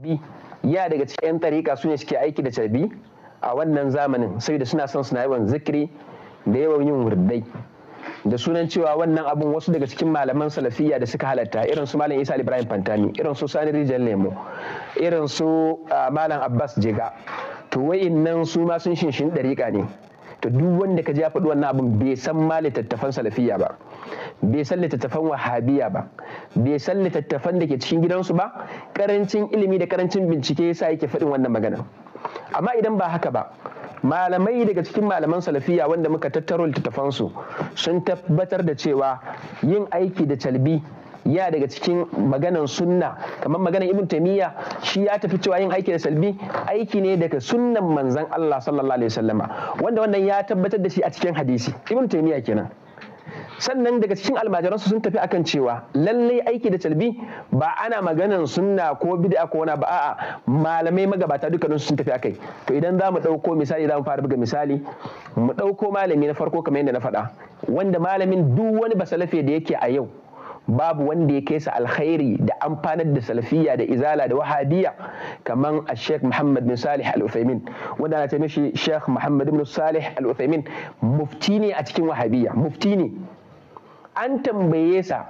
bi ya daga cikin 'yan tariƙa su ne suke aiki da carbi a wannan zamanin saboda suna son suna yawan zikiri da yawan yin wurdai da sunan cewa wannan abun wasu daga cikin malaman salafiyya da suka halatta irin su malam isa ibrahim fantami irin su sani rijal lemo irin su ah, malam abbas jega to nan su ma sun shinshin dariƙa ne to duk wanda ka je ya faɗi wannan abin bai san ma littattafan salafiya ba bai san littattafan wahabiya ba bai san littattafan da ke cikin gidansu ba karancin ilimi da karancin bincike yasa yake faɗin wannan magana amma idan ba haka ba malamai daga cikin malaman salafiya wanda muka tattaro littattafansu sun tabbatar da cewa yin aiki da calbi ya daga cikin maganan sunna kamar maganan ibn taymiya shi ya tafi cewa yin aiki da salbi aiki ne daga sunnan manzan Allah sallallahu alaihi wasallama wanda wannan ya tabbatar da shi a cikin hadisi ibn taymiya kenan sannan daga cikin almajiransu sun tafi akan cewa lallai aiki da talbi ba ana maganan sunna ko bid'a ko wani ba a'a malamai magabata dukkanin sun tafi akai to idan zamu mu ɗauko misali zamu mu fara buga misali mu ɗauko malami na farko kamar yadda na faɗa wanda malamin duk wani basalafe da yake a yau babu wanda ya kai sa alkhairi da amfanar da salafiya da izala da wahabiya kaman Sheikh Muhammad bin Salih Al-Uthaymin wanda ana taimake Sheikh Muhammad bin Salih Al-Uthaymin mufti ne a cikin wahabiya mufti ne an tambaye sa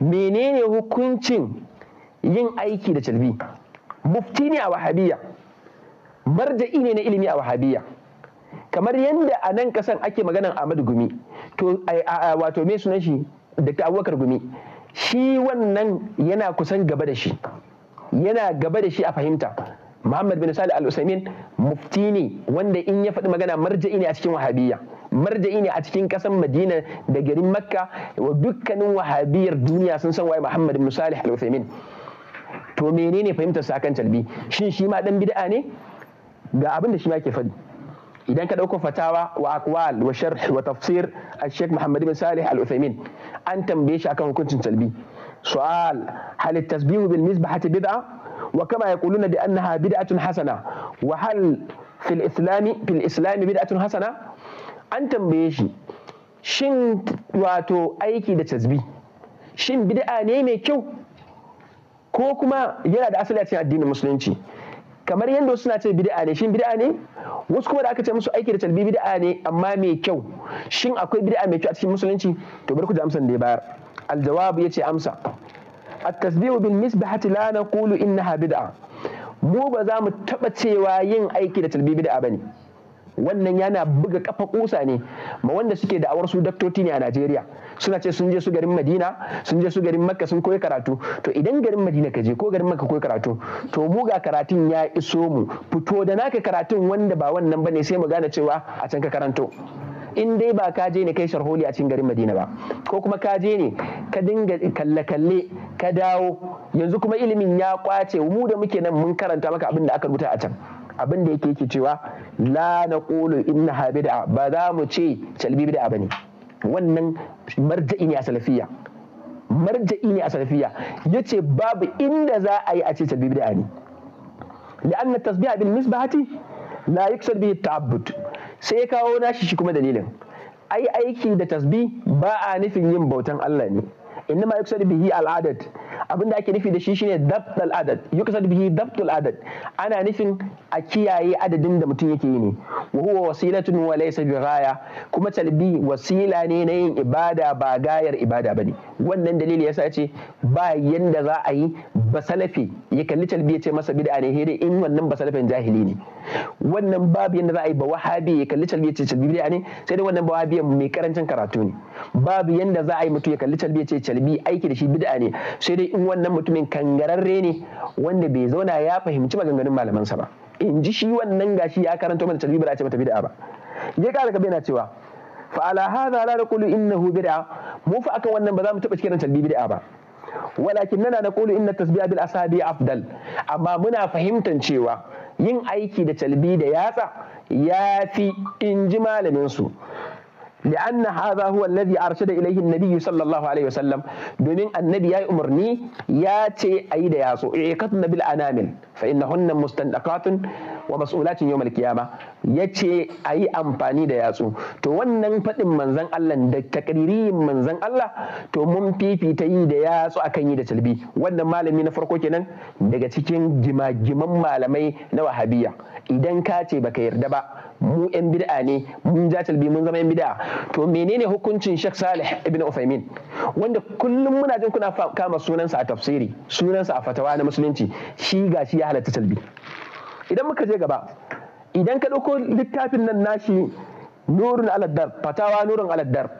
menene hukuncin yin aiki da calbi mufti ne a wahabiya marja'i ne na ilimi a wahabiya kamar yadda a nan kasan ake maganan Ahmad Gumi to wato me sunan shi Dr. Abubakar Gumi shi wannan yana kusan gaba da shi yana gaba da shi a fahimta Muhammad bin Salih al-Usaimin mufti ne wanda in ya faɗi magana marja'i ne a cikin wahabiyya marja'i ne a cikin ƙasar Madina da garin Makka wa dukkanin wahabiyar duniya sun san waye Muhammad bin Salih al-Usaimin to menene fahimtar sa kan talbi shin shi ma dan bid'a ne ga abin da shi ma ke faɗi idan ka ɗauko fatawa wa aqwal wa sharh wa tafsir a sheikh muhammad bin salih al uthaymin an tambaye shi akan hukuncin talbi su'al hal at-tasbih bil misbahah bid'a wa kama yaquluna bi annaha bid'atun hasana wa hal fil islami al-islam bid'atun hasana an tambaye shi shin wato aiki da tasbih shin bid'a ne mai kyau ko kuma yana da asali a cikin addinin musulunci kamar yadda wasu suna ce bid'a ne shin bid'a ne wasu kuma da aka ce musu aiki da talbi bid'a ne amma mai kyau shin akwai bid'a mai kyau a cikin musulunci to bari ku ji amsan da ya bayar ya yace amsa at-tasbihu bil Kulu, la naqulu innaha bid'a mu ba za mu taba cewa yin aiki da talbi ba ne. wannan yana buga kafa kusa ne ma wanda suke da'awar su daktoti ne a Najeriya suna ce sun je su garin Madina sun je su garin Makka sun koyi karatu to idan garin Madina ka je ko garin Makka koyi karatu to mu ga karatun ya iso mu fito da naka karatun wanda ba wannan bane sai mu gane cewa a can ka karanto in dai ba ka je ne kai sharholi a cikin garin Madina ba ko kuma ka je ne ka dinga kalle-kalle ka dawo yanzu kuma ilimin ya kwace mu da muke nan mun karanta maka abin da aka rubuta a can abin da yake yake cewa la na innaha bid'a ba za mu ce calbi bid'a bane wannan marja'i ne a salafiya. marja'i ne a Ya ce babu inda za a yi a ce calbi bid'a ne لأن التسبيح بالنسبة لا يقصد ta التعبد sai ya kawo nashi shi kuma dalilin ai aiki da tasbi ba a nufin yin bautan Allah ne inna ma yuksad bihi al'adat abin da ake nufi da shi shine dabtul adad yukasad bihi dabtul adad ana nufin a kiyaye adadin da mutum yake yi ne wa huwa wasilatun wa laysa bi ghaya kuma talbi wasila ne na yin ibada ba gayar ibada bane wannan dalili yasa ce ba yanda za a yi basalafi ya kalli calbi ya ce masa bid'a ne dai in wannan basalafin jahili ne wannan babu yadda za a yi ba wahabi ya kalli calbi ya ce calbi bid'a ne sai dai wannan wahabi mai karancin karatu ne babu yadda za a yi mutum ya kalli calbi ya ce talbi aiki da shi bid'a ne sai dai in wannan mutumin kangararre ne wanda bai zauna ya fahimci maganganun malamansa ba in ji shi wannan gashi ya karanto mata talbi ba ce mata bid'a ba ka kara gaba na cewa fa ala hadha la naqulu innahu bid'a mu fa akan wannan ba za mu taba cikin talbi bid'a ba walakin nana na kulu inna tasbiha bil asabi afdal amma muna fahimtar cewa yin aiki da calbi da yatsa ya fi in ji malamin su لأن هذا هو الذي أرشد إليه النبي صلى الله عليه وسلم دومين النبي يا أمرني يا تي أيد ياسو إيقتن بالأنامل فإنهن مستندقات wa mas'ulatin Ya ce a yi amfani da yatsu to wannan faɗin manzon Allah da takririn manzon Allah to mun fifita yi da yatsu akan yi da talbi wannan malami na farko kenan daga cikin gimagiman malamai na wahabiya idan ka ce baka yarda ba mu yan bid'a ne mun ja talbi mun zama yan bid'a to menene hukuncin Sheikh saleh ibn Uthaymeen wanda kullum muna jin kuna kama sunansa a tafsiri sunansa a fatawa na musulunci shi gashi ya halatta talbi idan muka je gaba idan ka ɗauko littafin nan nashi nurun aladdar fatawa nurun aladdar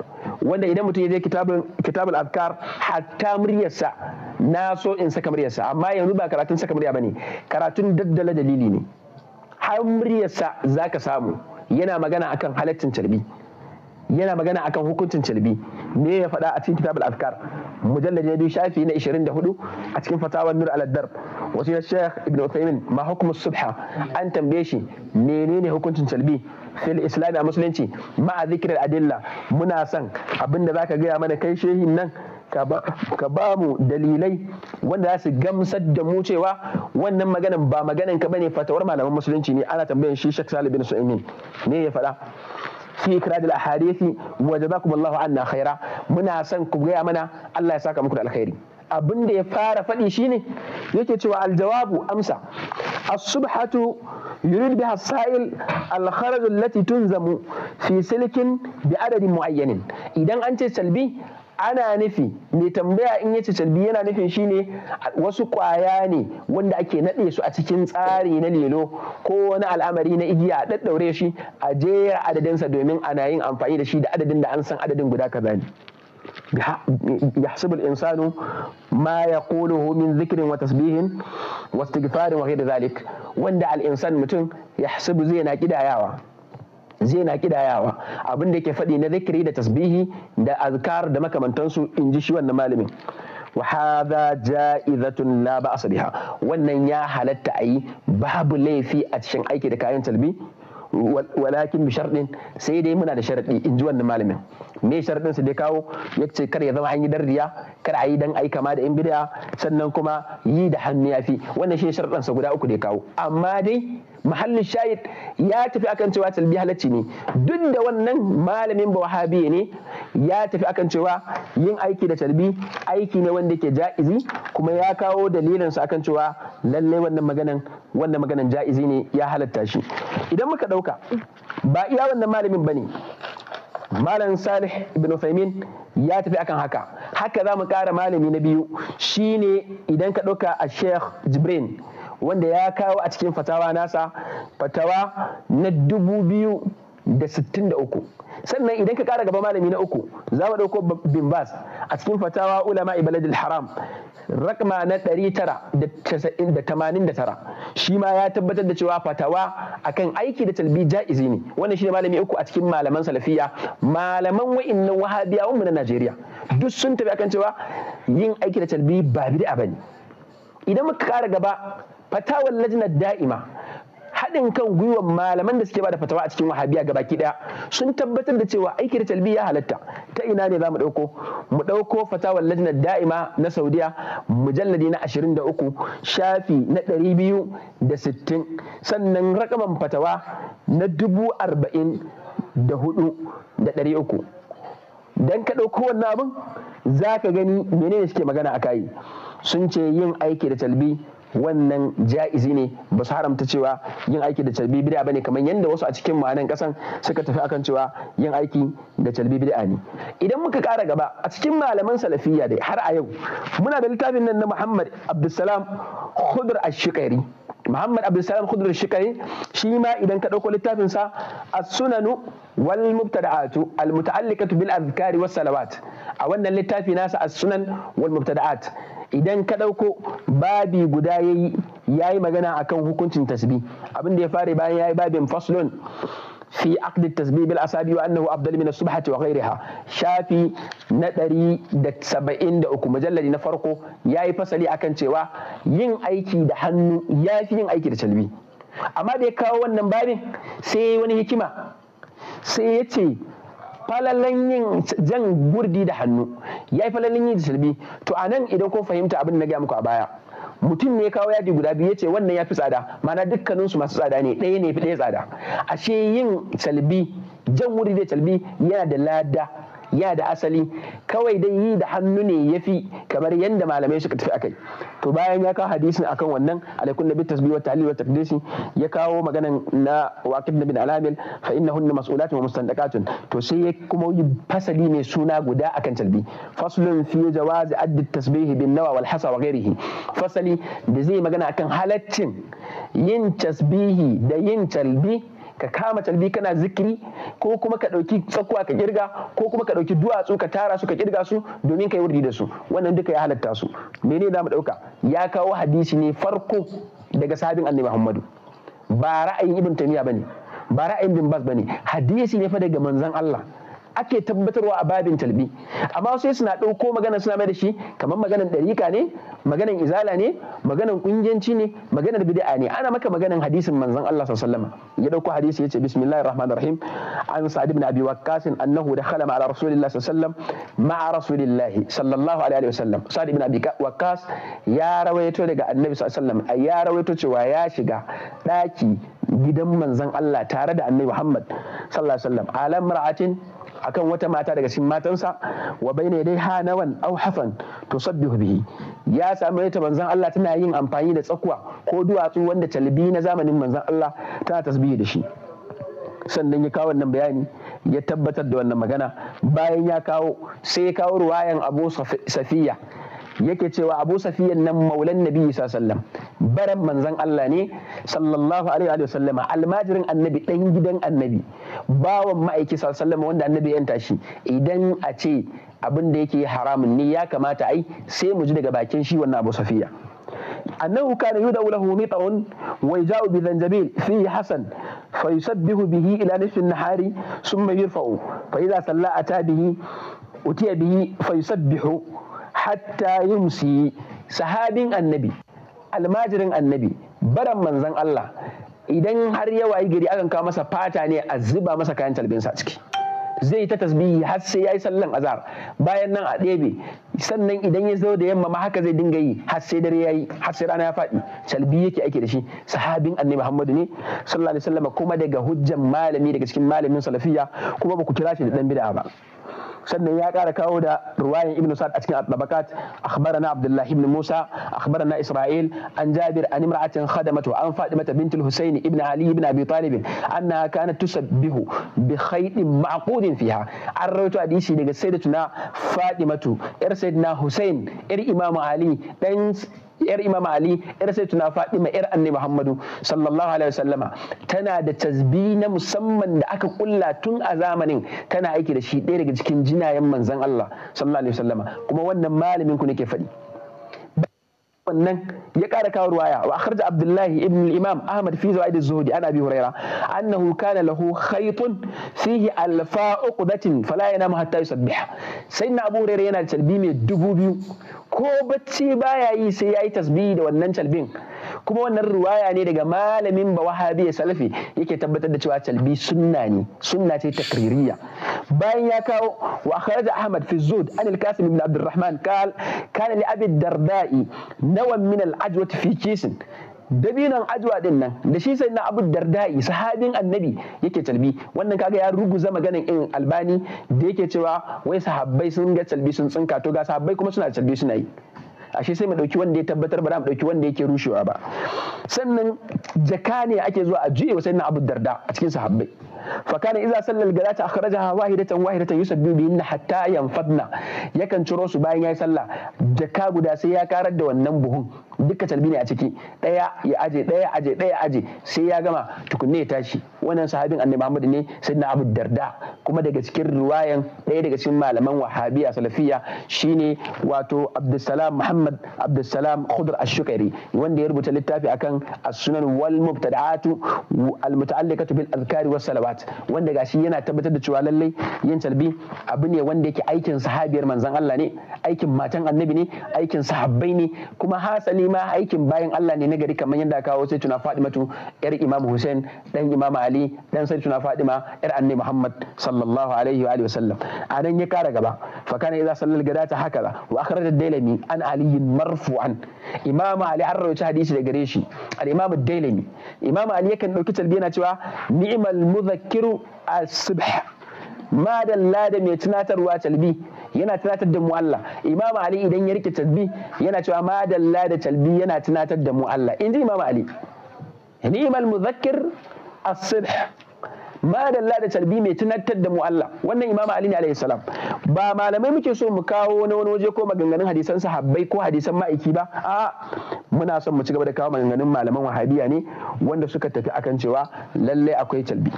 wanda idan mutum ya je kitabul afkar hatta muryarsa na so in saka muryarsa amma yanzu ba karatun saka murya bane karatun daddala dalili ne har muryarsa zaka samu yana magana akan halaccin carbi yana magana akan hukuncin calbi me ya faɗa a cikin kitabul azkar mujallad na biyu shafi na 24 a cikin fatawan nur al-darb wasu ya sheikh ibn uthaymin ma hukumu subha an tambaye shi menene hukuncin calbi fil islami a musulunci ma a zikirar adilla muna son abinda zaka gaya mana kai shehin nan ka ba mu dalilai wanda za su gamsar da mu cewa wannan maganan ba maganan ka bane fatawar malaman musulunci ne ana tambayan shi Sheikh Salih bin Su'aimin ne ya faɗa fi ikradil ahadisi wa jazakumullahu anna khaira muna san ku gaya mana Allah ya saka muku da alkhairi abin da ya fara faɗi shine yake cewa aljawabu amsa as-subhatu yurid biha sa'il al-kharaj allati tunzamu fi silkin bi adadin muayyanin idan an ce salbi ana nufi mai tambaya in ya ci yana nufin shine wasu kwaya ne wanda ake naɗe su a cikin tsari na lelo ko wani al'amari na igiya a ɗaɗɗaure shi a jera adadinsa domin ana yin amfani da shi da adadin da an san adadin guda kaza ne يحسب الإنسان ما يقوله من ذكر وتسبيح zalik, wanda wanda mutum insan mutum يحسب zai na kidayawa zai na kidayawa abin da yake faɗi na zikiri da tasbihi da azkar da makamantansu in ji shi wannan malamin wa hadha ja'izatun la ba'sa biha wannan ya halatta ayi babu laifi a cikin aiki da kayan talbi walakin bi sai dai muna da sharadi in ji wannan malamin me sharɗin su da kawo ya ce kar ya zama an yi dardiya kar a yi dan ai kama da in bid'a sannan kuma yi da hannu yafi wannan shi sharɗin sa guda uku da kawo amma dai mahallin shahid ya tafi akan cewa talbiya halacci ne duk da wannan malamin bawahabi ne ya tafi akan cewa yin aiki da talbi aiki ne wanda ke ja'izi kuma ya kawo dalilin sa akan cewa lallai wannan maganan wannan maganan ja'izi ne ya halatta shi idan muka dauka ba iya wannan malamin bane malam salih ibn Uthaymeen ya tafi akan haka haka za mu ƙara malami na biyu shine idan ka ɗauka a sheikh jibrin wanda ya kawo a cikin fatawa nasa fatawa na dubu biyu da sittin da uku sannan idan ka ƙara gaba malami na uku za mu ɗauko bin bas a cikin fatawa ulama ibaladil haram rakma na ɗari 989 shi ma ya tabbatar da cewa fatawa akan aiki da talbi ja'izi ne wannan shine malami uku a cikin malaman salafiya malaman wa'annan wahabiyawan mu na Najeriya duk sun tafi akan cewa yin aiki da talbi ba a bane idan muka kara gaba fatawar lajnar da'ima haɗin kan gwiwar malaman da suke da fatawa a cikin wahabiya ga baki ɗaya sun tabbatar da cewa aiki da talbi ya halatta ta ina ne za mu ɗauko mu ɗauko fatawar lajinar da'ima na saudiya mujalladi na ashirin da uku, shafi na ɗari biyu da sittin, sannan rakaman fatawa na dubu arba'in da hudu 44,300 don ka ɗauko wannan abin za ka gani menene suke magana a kayi sun ce yin aiki da talbi wannan ja'izi ne ba su haramta cewa yin aiki da calbi bid'a bane kamar yadda wasu a cikin ma'anan kasan suka tafi akan cewa yin aiki da calbi bid'a ne idan muka kara gaba a cikin malaman salafiyya dai har a yau muna da littafin nan na Muhammad Abdulsalam Khudr ash Muhammad Salam Khudr Shikari shi ma idan ka ɗauko littafin sa As-Sunanu wal Mubtada'atu al Muta'alliqatu bil Azkari was Salawat a wannan littafi nasa As-Sunan wal Mubtada'at idan ka ɗauko babi guda yayi yayi magana akan hukuncin tasbih abin da ya fare bayan yayi babin faslun fi aqd tasbih bil asabi wa annahu afdal min as-subhati wa ghayriha shafi na 173 mujalladi na farko Ya yi fasali akan cewa yin aiki da hannu yafi yin aiki da calbi amma da ya kawo wannan babin sai wani hikima sai ya ce falalan yin jan gurdi da hannu ya yi falalan yin da calbi to a nan idan kun fahimta abin na gaya maku a baya mutum ne kawo yadi guda biyu yace wannan ya fi tsada mana dukkanin su masu tsada ne ɗaya ne fi ɗaya tsada ashe yin calbi jan wuri da calbi yana da lada ya da asali kawai dai yi da hannu ne ya fi kamar yadda malamai suka tafi akai to bayan ya kawo hadisin akan wannan alaikun nabi tasbih wa ta'lil wa taqdisi ya kawo maganan na waqid bin alamil fa innahunna mas'ulatun wa mustandaqatun to sai ya kuma yi fasali mai suna guda akan talbi faslun fi jawazi addi tasbihi bin nawa wal hasa wa ghairihi fasali da zai magana akan halaccin yin tasbihi da yin talbi ka kama talbi kana zikiri ko kuma ka ɗauki tsakuwa ka kirga ko kuma ka ɗauki duwatsu ka tara su ka kirga su domin ka yi wurdi da su wannan duka ya halatta su mene za mu ɗauka ya kawo hadisi ne farko daga sabin annabi muhammadu ba ra'ayin ibn tamiya bane ba ra'ayin bin bas bane hadisi ne fa daga manzon Allah ake tabbatarwa a babin talbi amma sai suna ɗauko magana suna mai da shi kamar maganar ɗarika ne maganan izala ne maganan ƙungiyanci ne maganar bid'a ne ana maka maganar hadisin manzon Allah sallallahu alaihi ya ɗauko hadisi yace bismillahir rahmanir rahim an sa'd ibn abi waqqas annahu dakhala ma'a rasulillahi sallallahu alaihi ma'a rasulillahi sallallahu alaihi wasallam sa'd ibn abi waqqas ya rawaito daga annabi sallallahu alaihi ya rawaito cewa ya shiga ɗaki gidan manzon Allah tare da annabi Muhammad sallallahu alaihi wasallam alam mar'atin akan wata mata daga cikin matansa wa bayna dai hanawan aw hafan tusabbihu bihi ya samu ita manzon Allah tana yin amfani da tsakuwa ko duwatsu wanda talibi na zamanin manzon Allah tana tasbihi da shi sannan ya kawo wannan bayani ya tabbatar da wannan magana bayan ya kawo sai ya kawo ruwayan Abu Safiya yake cewa abu safiyan nan maulan nabi isa sallam baran manzan Allah ne sallallahu alaihi wa sallama almajirin annabi dan gidan annabi bawan ma'aiki sallama wanda annabi ya tashi idan a ce abin da yake haramun ne ya kamata ai sai mu ji daga bakin shi wannan abu safiya أنه كان يدعو له مطر ويجاء بزنجبيل فيه bihi فيسبه به إلى نصف النهار ثم يرفعه فإذا صلى bihi, به bihi, به فيسبح hatta yumsi sahabin annabi almajirin annabi baran manzan Allah idan har ya wayi gari akan kawo masa fata ne a zuba masa kayan talbinsa ciki zai ta tasbihi har sai ya yi sallan azhar bayan nan a ɗebe sannan idan ya zo da yamma ma haka zai dinga yi har sai dare ya yi har sai rana ya faɗi talbi yake ake da shi sahabin annabi muhammadu ne sallallahu alaihi kuma daga hujjan malami daga cikin malamin salafiya kuma ba ku kira shi da dan bid'a ba sannan ya ƙara kawo da ruwayan ibn sa'ad a cikin at-tabaqat akhbarana Abdullahi ibn musa akhbarana isra'il an jabir an imra'atin khadamatu an faɗi mata al-husayn ibn ali ibn abi talib annaha kanat tusabbihu bi khaytin ma'qudin fiha an rawaito hadisi daga sayyidatuna fadimatu yar sayyidina husayn yar imamu ali dan yar imam ali yar tuna fatima yar annabi muhammadu sallallahu alaihi wasallama tana da tasbi na musamman da aka kulla tun a zamanin tana aiki da shi ɗaya daga cikin jinayen manzon Allah sallallahu alaihi wasallama kuma wannan malamin ku nake faɗi wannan ya ƙara kawo ruwaya wa akharja abdullahi ibn al-imam ahmad fi zawaid az-zuhdi ana bi huraira annahu kana lahu khaytun fihi alfa uqdatin fala yanamu hatta yusabbih sayyidina abu huraira yana da calbi mai dubu biyu ko bacci baya yi sai yayi tasbihi da wannan calbin kuma wannan ruwaya ne daga malamin ba wahabi ya salafi yake tabbatar da cewa calbi sunna ne sunna ce takririyya bayan ya kawo wa akhraja ahmad fi zud an al kasim ibn alrahman qal kana li abi darda'i nawan min al-ajwati fi kisin dabinan ajwa din nan da shi sai na abu dardai sahabin annabi yake calbi. wannan kaga ya ruguza maganin in albani da yake cewa wai sahabbai sun ga calbi sun tsinka to ga sahabbai kuma suna calbi suna yi ashe sai mu dauki wanda ya tabbatar ba za mu dauki wanda yake rushewa ba sannan jaka ne ake zuwa a juye wa sayyidina Abu Darda a cikin sahabbai fa kana idza sallal galata akhrajaha wahidatan wahidatan yusabbihu bihinna hatta yanfadna yakan ciro su bayan yayi sallah jaka guda sai ya karar da wannan buhun duka talbi ne a ciki daya ya aje daya aje daya aje sai ya gama tukunne ya tashi wannan sahabin annabi Muhammad ne sayyidina Abu Darda kuma daga cikin riwayan daya daga cikin malaman wahabiya salafiyya shine wato Abdussalam Muhammad Abdussalam Khudr Ash-Shukairi wanda ya rubuta littafi akan as-sunan wal mubtada'atu al-muta'alliqatu bil azkari was salawat wanda gashi yana tabbatar da cewa lallai yin talbi abu ne wanda yake aikin sahabiyar manzon Allah ne aikin matan annabi ne aikin sahabbai ne kuma hasali ma aikin bayan Allah ne na gari kamar yadda kawo sai tuna tu. yar Imam Hussein dan Imam Ali dan sai tuna Fatima yar Annabi Muhammad sallallahu alaihi wa alihi wasallam a nan ya kara gaba fa kana idza sallal gadata da wa akhraj ad-Dailami an Ali marfu'an Imam Ali an rawaita hadisi da gare shi al-Imam ad-Dailami Imam Ali yakan dauki talbiya yana cewa ni'mal mudhakkiru as-subh ma dalla da mai tunatarwa talbi yana tunatar da mu Allah Imam Ali idan ya rike talbi yana cewa madalla da talbi yana tunatar da mu Allah inji Imam Ali ni'mal muzakkir as-sidh ma da Allah da talbi mai tunatar da mu Allah wannan Imam Ali ne alaihi salam ba malamai muke so mu kawo na wani waje ko maganganun hadisan sahabbai ko hadisan ma'aiki ba a muna son mu ci gaba da kawo maganganun malaman wahabiya ne wanda suka tafi akan cewa lalle akwai talbi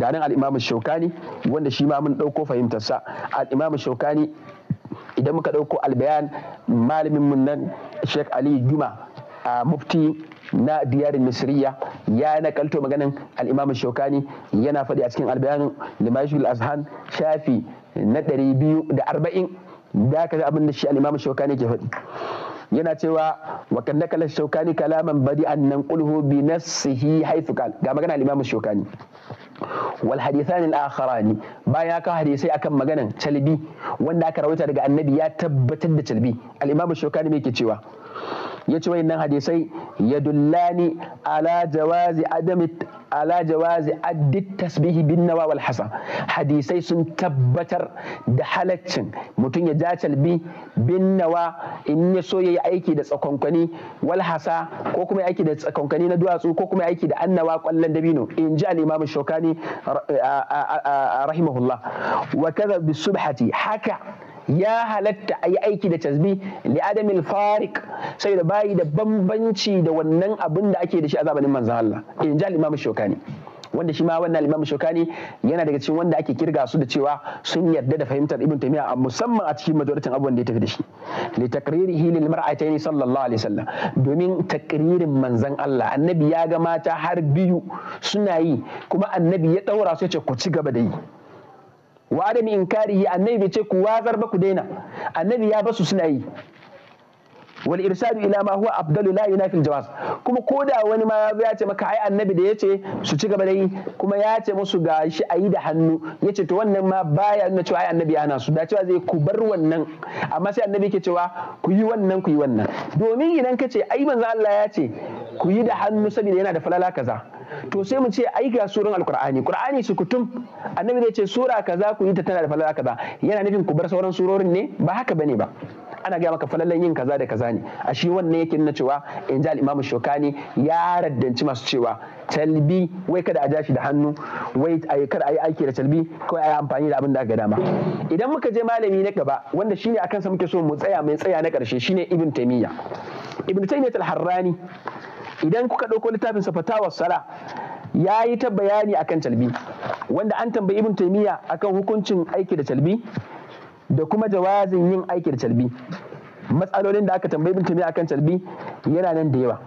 ga nan al imamu Shaukani wanda shi ma mun dauko fahimtarsa al imamu Shaukani idan muka dauko al-bayan malamin mun nan Sheikh Ali Juma a mufti na diyarin misriya ya nakalto maganin al'imam imam shaukani yana faɗi a cikin albayanin limashul azhan shafi na 240 da ka ga abin da shi al'imam Shokani shaukani ke faɗi yana cewa wa kan nakala shaukani kalaman bari an nan qulhu bi nafsihi haythu qal ga magana al'imam imam shaukani wal hadithan al-akharani baya ka hadisai akan maganan calbi wanda aka rawaita daga annabi ya tabbatar da calbi al'imam imam shaukani me ke cewa ya ci wayannan hadisai ya dullani ala jawazi adami ala jawazi addit tasbihi bin nawa wal hasan hadisai sun tabbatar da halaccin mutum ya ja calbi bin nawa in ya so yayi aiki da tsakonkani wal hasa ko kuma aiki da tsakonkani na duwatsu ko kuma aiki da annawa kwallon dabino in ji al imam shokani rahimahullah wa kaza subhati haka ya halatta a yi aiki da tasbi li adamil farik da bayi da bambanci da wannan abin da ake da shi a zamanin manzan Allah in ji al-Imam Shokani wanda shi ma wannan Imam Shokani yana daga cikin wanda ake kirga su da cewa sun yarda da fahimtar Ibn Taymiyyah a musamman a cikin majoritin abubuwan da ya tafi da shi li takririhi lil mar'atayn sallallahu alaihi wasallam domin takririn manzan Allah annabi ya ga mata har biyu suna yi kuma annabi ya daura su ya ce ku ci gaba da yi wa adami inkarihi annabi bai ce ku wazar ba ku daina annabi ya basu suna yi wal irsadu ila ma huwa afdalu la yunafi jawaz kuma koda wani ma ya ce maka ai annabi da yace su ci gaba da yi kuma ya ce musu ga shi ayi da hannu yace to wannan ma baya nuna cewa ai annabi yana su da cewa zai ku bar wannan amma sai annabi yake cewa ku yi wannan ku yi wannan domin idan kace ai manzo Allah ya ce ku yi da hannu saboda yana da falala kaza to sai mu ce ai ga suran alqur'ani qur'ani kutum annabi zai ce sura kaza ku yi ta tana da falala kaza yana nufin ku bar sauran surorin ne ba haka bane ba ana gaya maka falalan yin kaza da kaza ne a shi wannan yake nuna cewa in ji al'imamu shokani ya raddanci masu cewa talbi wai kada a jashi da hannu wai kada a yi aiki da talbi kawai a yi amfani da abin da aka dama idan muka je malami na gaba wanda shine akan sa muke so mu tsaya mai tsaya na karshe shine ibn taymiya ibn taymiya al-harrani idan kuka ɗauko littafin sa fatawa sala ya yi ta bayani akan calbi wanda an tambayi ibn taymiya akan hukuncin aiki da calbi da kuma jawazin yin aiki da calbi matsalolin da aka tambayi ibn taymiya akan calbi yana nan da yawa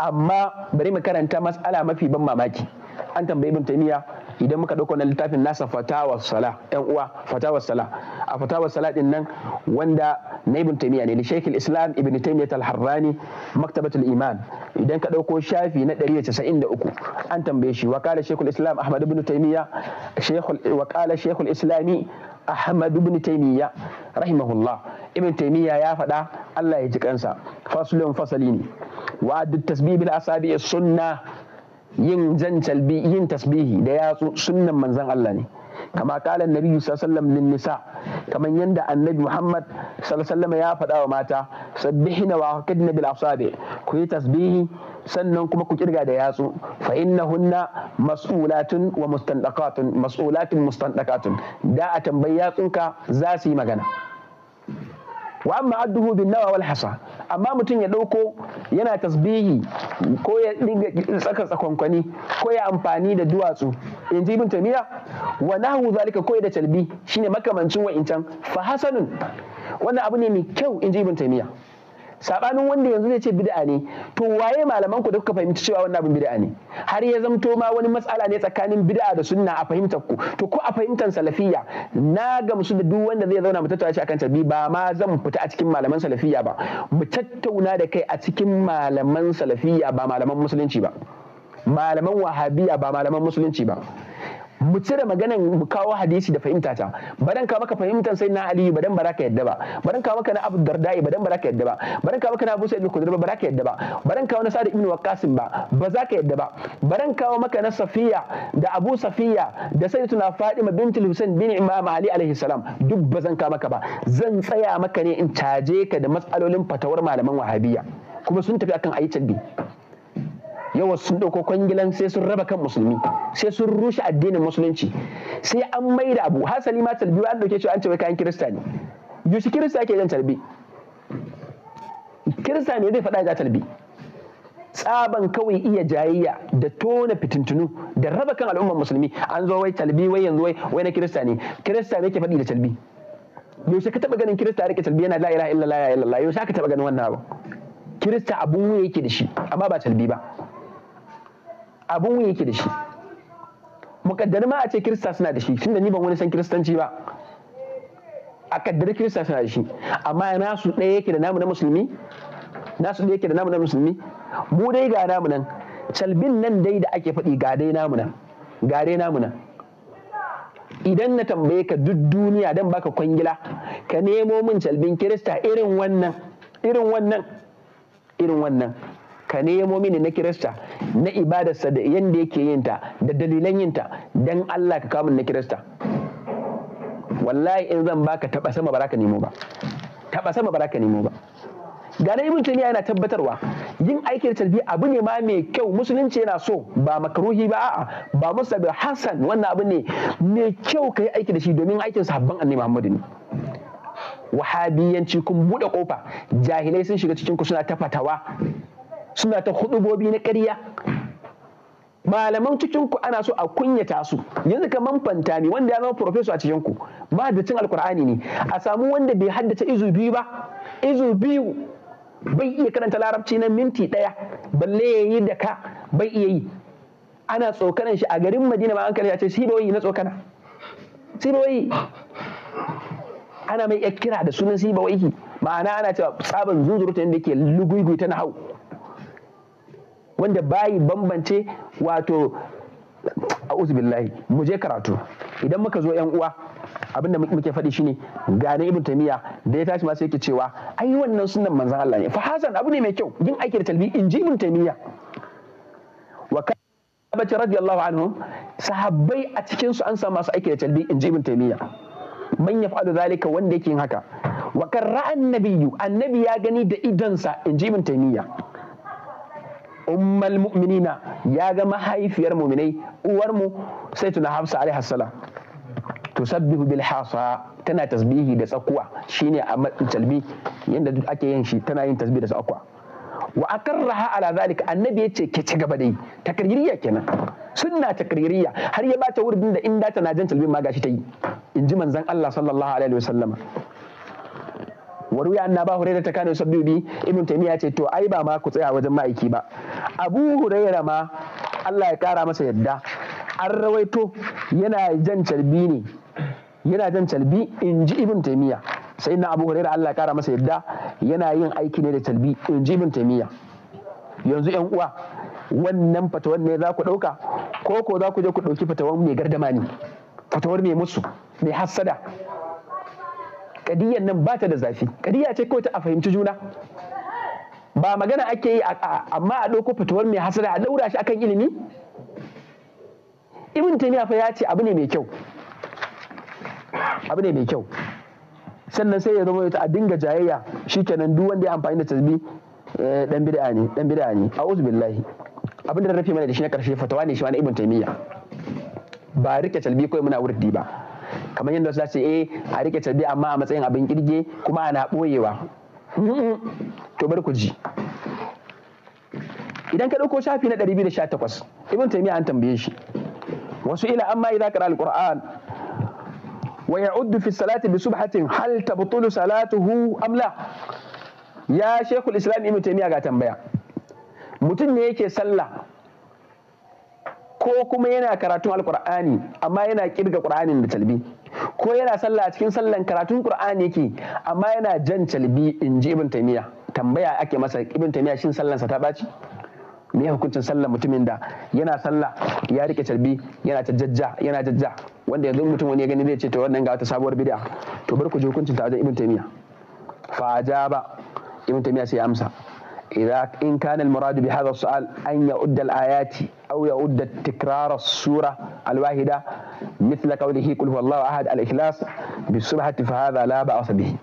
amma bari mu karanta mas'ala mafi ban mamaki an tambayi ibn taymiya idan muka dauko na littafin nasa fatawa sala yan uwa fatawa sala a fatawa sala din nan wanda na ibn taymiya ne li shaykh islam ibn taymiya al-harrani maktabatul iman idan ka dauko shafi na 193 an tambaye shi wa qala shaykh islam ahmad ibn taymiya shaykh wa qala shaykh islami Ahmad ibn Taymiyyah rahimahullah Ibn Taymiyyah ya faɗa Allah ya ji kansa fasulun fasali ne wa duk tasbibil asabi sunna yin jan yin tasbihi da yatsu sunnan manzon Allah ne kama kalan nabi sallallahu lin nisa kaman yanda annabi muhammad sallallahu ya faɗa wa mata sabbihina wa kadna bil asabi ku yi tasbihi sannan kuma ku kirga da yatsu fa innahunna mas'ulatun wa mustandaqatun mas'ulatun mustandaqatun da a tambayi yatsunka za su yi magana wa amma adduhu bin nawa wal hasa amma mutum ya ɗauko yana tasbihi ko ya dinga tsaka tsakonkwani ko ya amfani da duwatsu in ji ibn tamiya wa nahwu zalika ko da talbi shine makamancin wa'incan fa hasanun wannan abu ne mai kyau in ji ibn tamiya sabanin wanda yanzu zai ce bid'a ne to waye malaman ku da kuka fahimci cewa wannan abin bid'a ne har ya zamto ma wani matsala ne tsakanin bid'a da sunna a fahimtar ku to ko a fahimtar salafiyya na gamsu da duk wanda zai zauna mu tattauna shi akan tabi ba ma zan fita a cikin malaman salafiyya ba mu tattauna da kai a cikin malaman salafiyya ba malaman musulunci ba malaman wahabiyya ba malaman musulunci ba mu cire maganan mu kawo hadisi da fahimta ta baran ka maka fahimtar sai na ali badan ba ka yadda ba baran ka maka na abu dardai badan ba ka yadda ba baran ka maka na abu sa'id al-khudri ba ka yadda ba baran ka na sa'id ibn waqasim ba ba za ka yadda ba baran kawo maka na safiya da abu safiya da sayyiduna fatima bint al-husayn bin imam ali alaihi salam duk ba zan ka maka ba zan tsaya maka ne in caje ka da matsalolin fatawar malaman wahabiyya. kuma sun tafi akan ayi bi yawa sun ɗauko kwangilan sai sun raba kan musulmi sai sun rushe addinin musulunci sai an maida abu har salima talbi an ɗauke shi an ce kayan kirista ne yushi kirista ke jan talbi kirista ne zai faɗa ga talbi tsaban kawai iya jayayya da tona fitintunu da raba kan al'ummar musulmi an zo wai talbi wai yanzu wai wai na kirista ne kirista ne ke faɗi da talbi yaushe ka taɓa ganin kirista rike talbi yana la ilaha illallah ya illallah yaushe ka taɓa ganin wannan abu kirista abun wuya yake da shi amma ba talbi ba abin wuya yake da shi mukaddari ma a ce kirista suna da shi tunda ni ban wani san kiristanci ba a kaddari kirista suna da shi amma nasu ɗaya yake da namu na musulmi nasu ɗaya yake da namu na musulmi mu dai ga namu nan calbin nan dai da ake faɗi ga dai namu nan ga dai namu nan idan na tambaye ka duk duniya dan baka kwangila ka nemo min calbin kirista irin wannan irin wannan irin wannan ka nemo mini na kirista na ibadarsa da yadda yake yin ta da dalilan yinta, ta dan Allah ka kawo na kirista wallahi in zan baka taba sama baraka ka nemo ba taba sama ba ka nemo ba ga na ibn taymiya yana tabbatarwa yin aikin tarbiyya abu ne ma mai kyau musulunci yana so ba makaruhi ba a'a ba musabi Hassan wannan abu ne mai kyau ka yi aiki da shi domin aikin sahabban annabi Muhammadu ne wahabiyanci kun buɗe kofa jahilai sun shiga cikin ku suna tafatawa suna ta hudubobi na ƙarya malaman cikinku ana so a kunyata su yanzu kamar fanta ne wanda ya zama profeso a cikin ku ba alkur'ani ne a samu wanda bai haddace izu biyu ba izu biyu bai iya karanta larabci na minti ɗaya balle ya yi da ka bai iya yi ana tsokanan shi a garin madina ba an kalli a ce siboyi na tsokana siboyi ana mai kira da sunan siboyi ma'ana ana cewa tsaban zunzuru ta yadda ke lugugu ta na hau wanda bayi bambance wato auzubillahi mu je karatu idan muka zo yan uwa abinda muke faɗi shine gane ibn tamiya da ya tashi masu yake cewa ai wannan sunan manzan Allah ne fa hasan abu ne mai kyau yin aiki da talbi in ji ibn tamiya wa kabata radiyallahu anhu sahabbai a cikin su an samu masu aiki da talbi in ji ibn tamiya man yaf'alu zalika wanda yake yin haka wa kan ra'an nabiyyu annabi ya gani da idansa in ji ibn tamiya ummal mu'minina ya ga mahaifiyar mu'minai mu sai tuna hafsa alaihi salam tusabbihu bil hasa tana tasbihi da tsakuwa shine a talbi yanda ake yin shi tana yin tasbihi da tsakuwa wa akarraha ala zalika annabi yace ke ci gaba dai takririya kenan sunna takririya har ya bata wurin da inda tana jan talbi ma gashi ta yi inji manzon Allah sallallahu alaihi wasallama Wani ya anna ba ta kano sabbi bi ibn taymiya ce to ai ba ma ku tsaya wajen ma'aiki ba abu huraira ma Allah ya kara masa yadda an rawaito yana jan calbi ne yana jan calbi in ji ibn miya. sai na abu huraira Allah ya kara masa yadda yana yin aiki ne da calbi in ji ibn miya. yanzu yan uwa wannan fatawan ne za ku ɗauka ko ko za ku je ku ɗauki fatawan mai gardama ne fatawar mai musu mai hassada kadiyan nan ba ta da zafi kadiyya ce kawai ta a fahimci juna ba magana ake yi amma a ɗauko fitowar mai hasara a ɗaura shi akan ilimi ibn taymiya fa ya ce abu ne mai kyau abu ne mai kyau sannan sai ya zama a dinga jayayya shikenan duk wanda ya amfani da tasbi dan eh, bid'a ne dan bid'a ne a'udhu billahi abin da rafi mana da shi na karshe fatawa ne shi wani ibn taymiya ba rike talbi kawai muna wurdi ba kamar yadda wasu ce eh a rike carbi amma a matsayin abin kirge kuma ana ɓoyewa to bar ku ji idan ka ɗauko shafi na 218 ibn taymiya an tambaye shi wasu ila amma idza qara alquran wa ya'uddu fi salati bi subhatin hal tabtulu salatuhu am la ya shaykhul islam ibn taymiya ga tambaya mutum ne yake sallah ko kuma yana karatun alkur'ani amma yana kirga qur'anin da talbi ko yana sallah a cikin sallan karatun qur'ani yake amma yana jan calbi in ji ibn taymiya tambaya ake masa ibn taymiya shin sa ta baci me hukuncin sallar mutumin da yana sallah ya rike calbi yana ta jajja yana jajja wanda yanzu mutum wani ya gani zai ce to wannan ga wata sabuwar bid'a to bar ku ji hukuncin ta wajen ibn taymiya fa ajaba ibn taymiya sai ya amsa إذا إن كان المراد بهذا السؤال أن يؤد الآيات أو يؤد تكرار السورة الواحدة مثل قوله قل هو الله أحد الإخلاص بالسبحة فهذا لا بأس به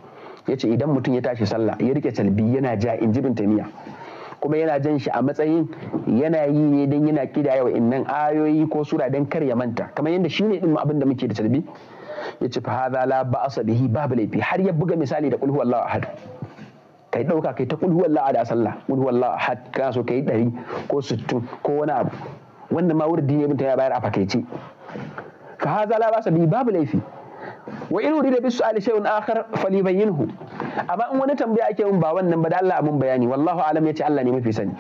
yace idan mutum ya tashi sallah ya rike talbi yana ja in kuma yana jan shi a matsayin yana yi ne don yana kidaya innan ayoyi ko sura don kar ya manta kamar yadda shi din abin da muke da talbi yace fa hadha la ba'sa bihi babu laifi har ya buga misali da qul huwallahu ahad kai ɗauka kai ta kulhu wallah a sallah kulhu wallah had kana so kai ɗari ko sittin ko wani abu wannan ma wurin ne mutum ya bayar a fakaice Ka haza la basa bi babu laifi wa in urida bi su'ali shay'un akhar falibayyinhu amma in wani tambaya ake yin ba wannan ba da Allah mun bayani wallahu alam yace Allah ne mafi sani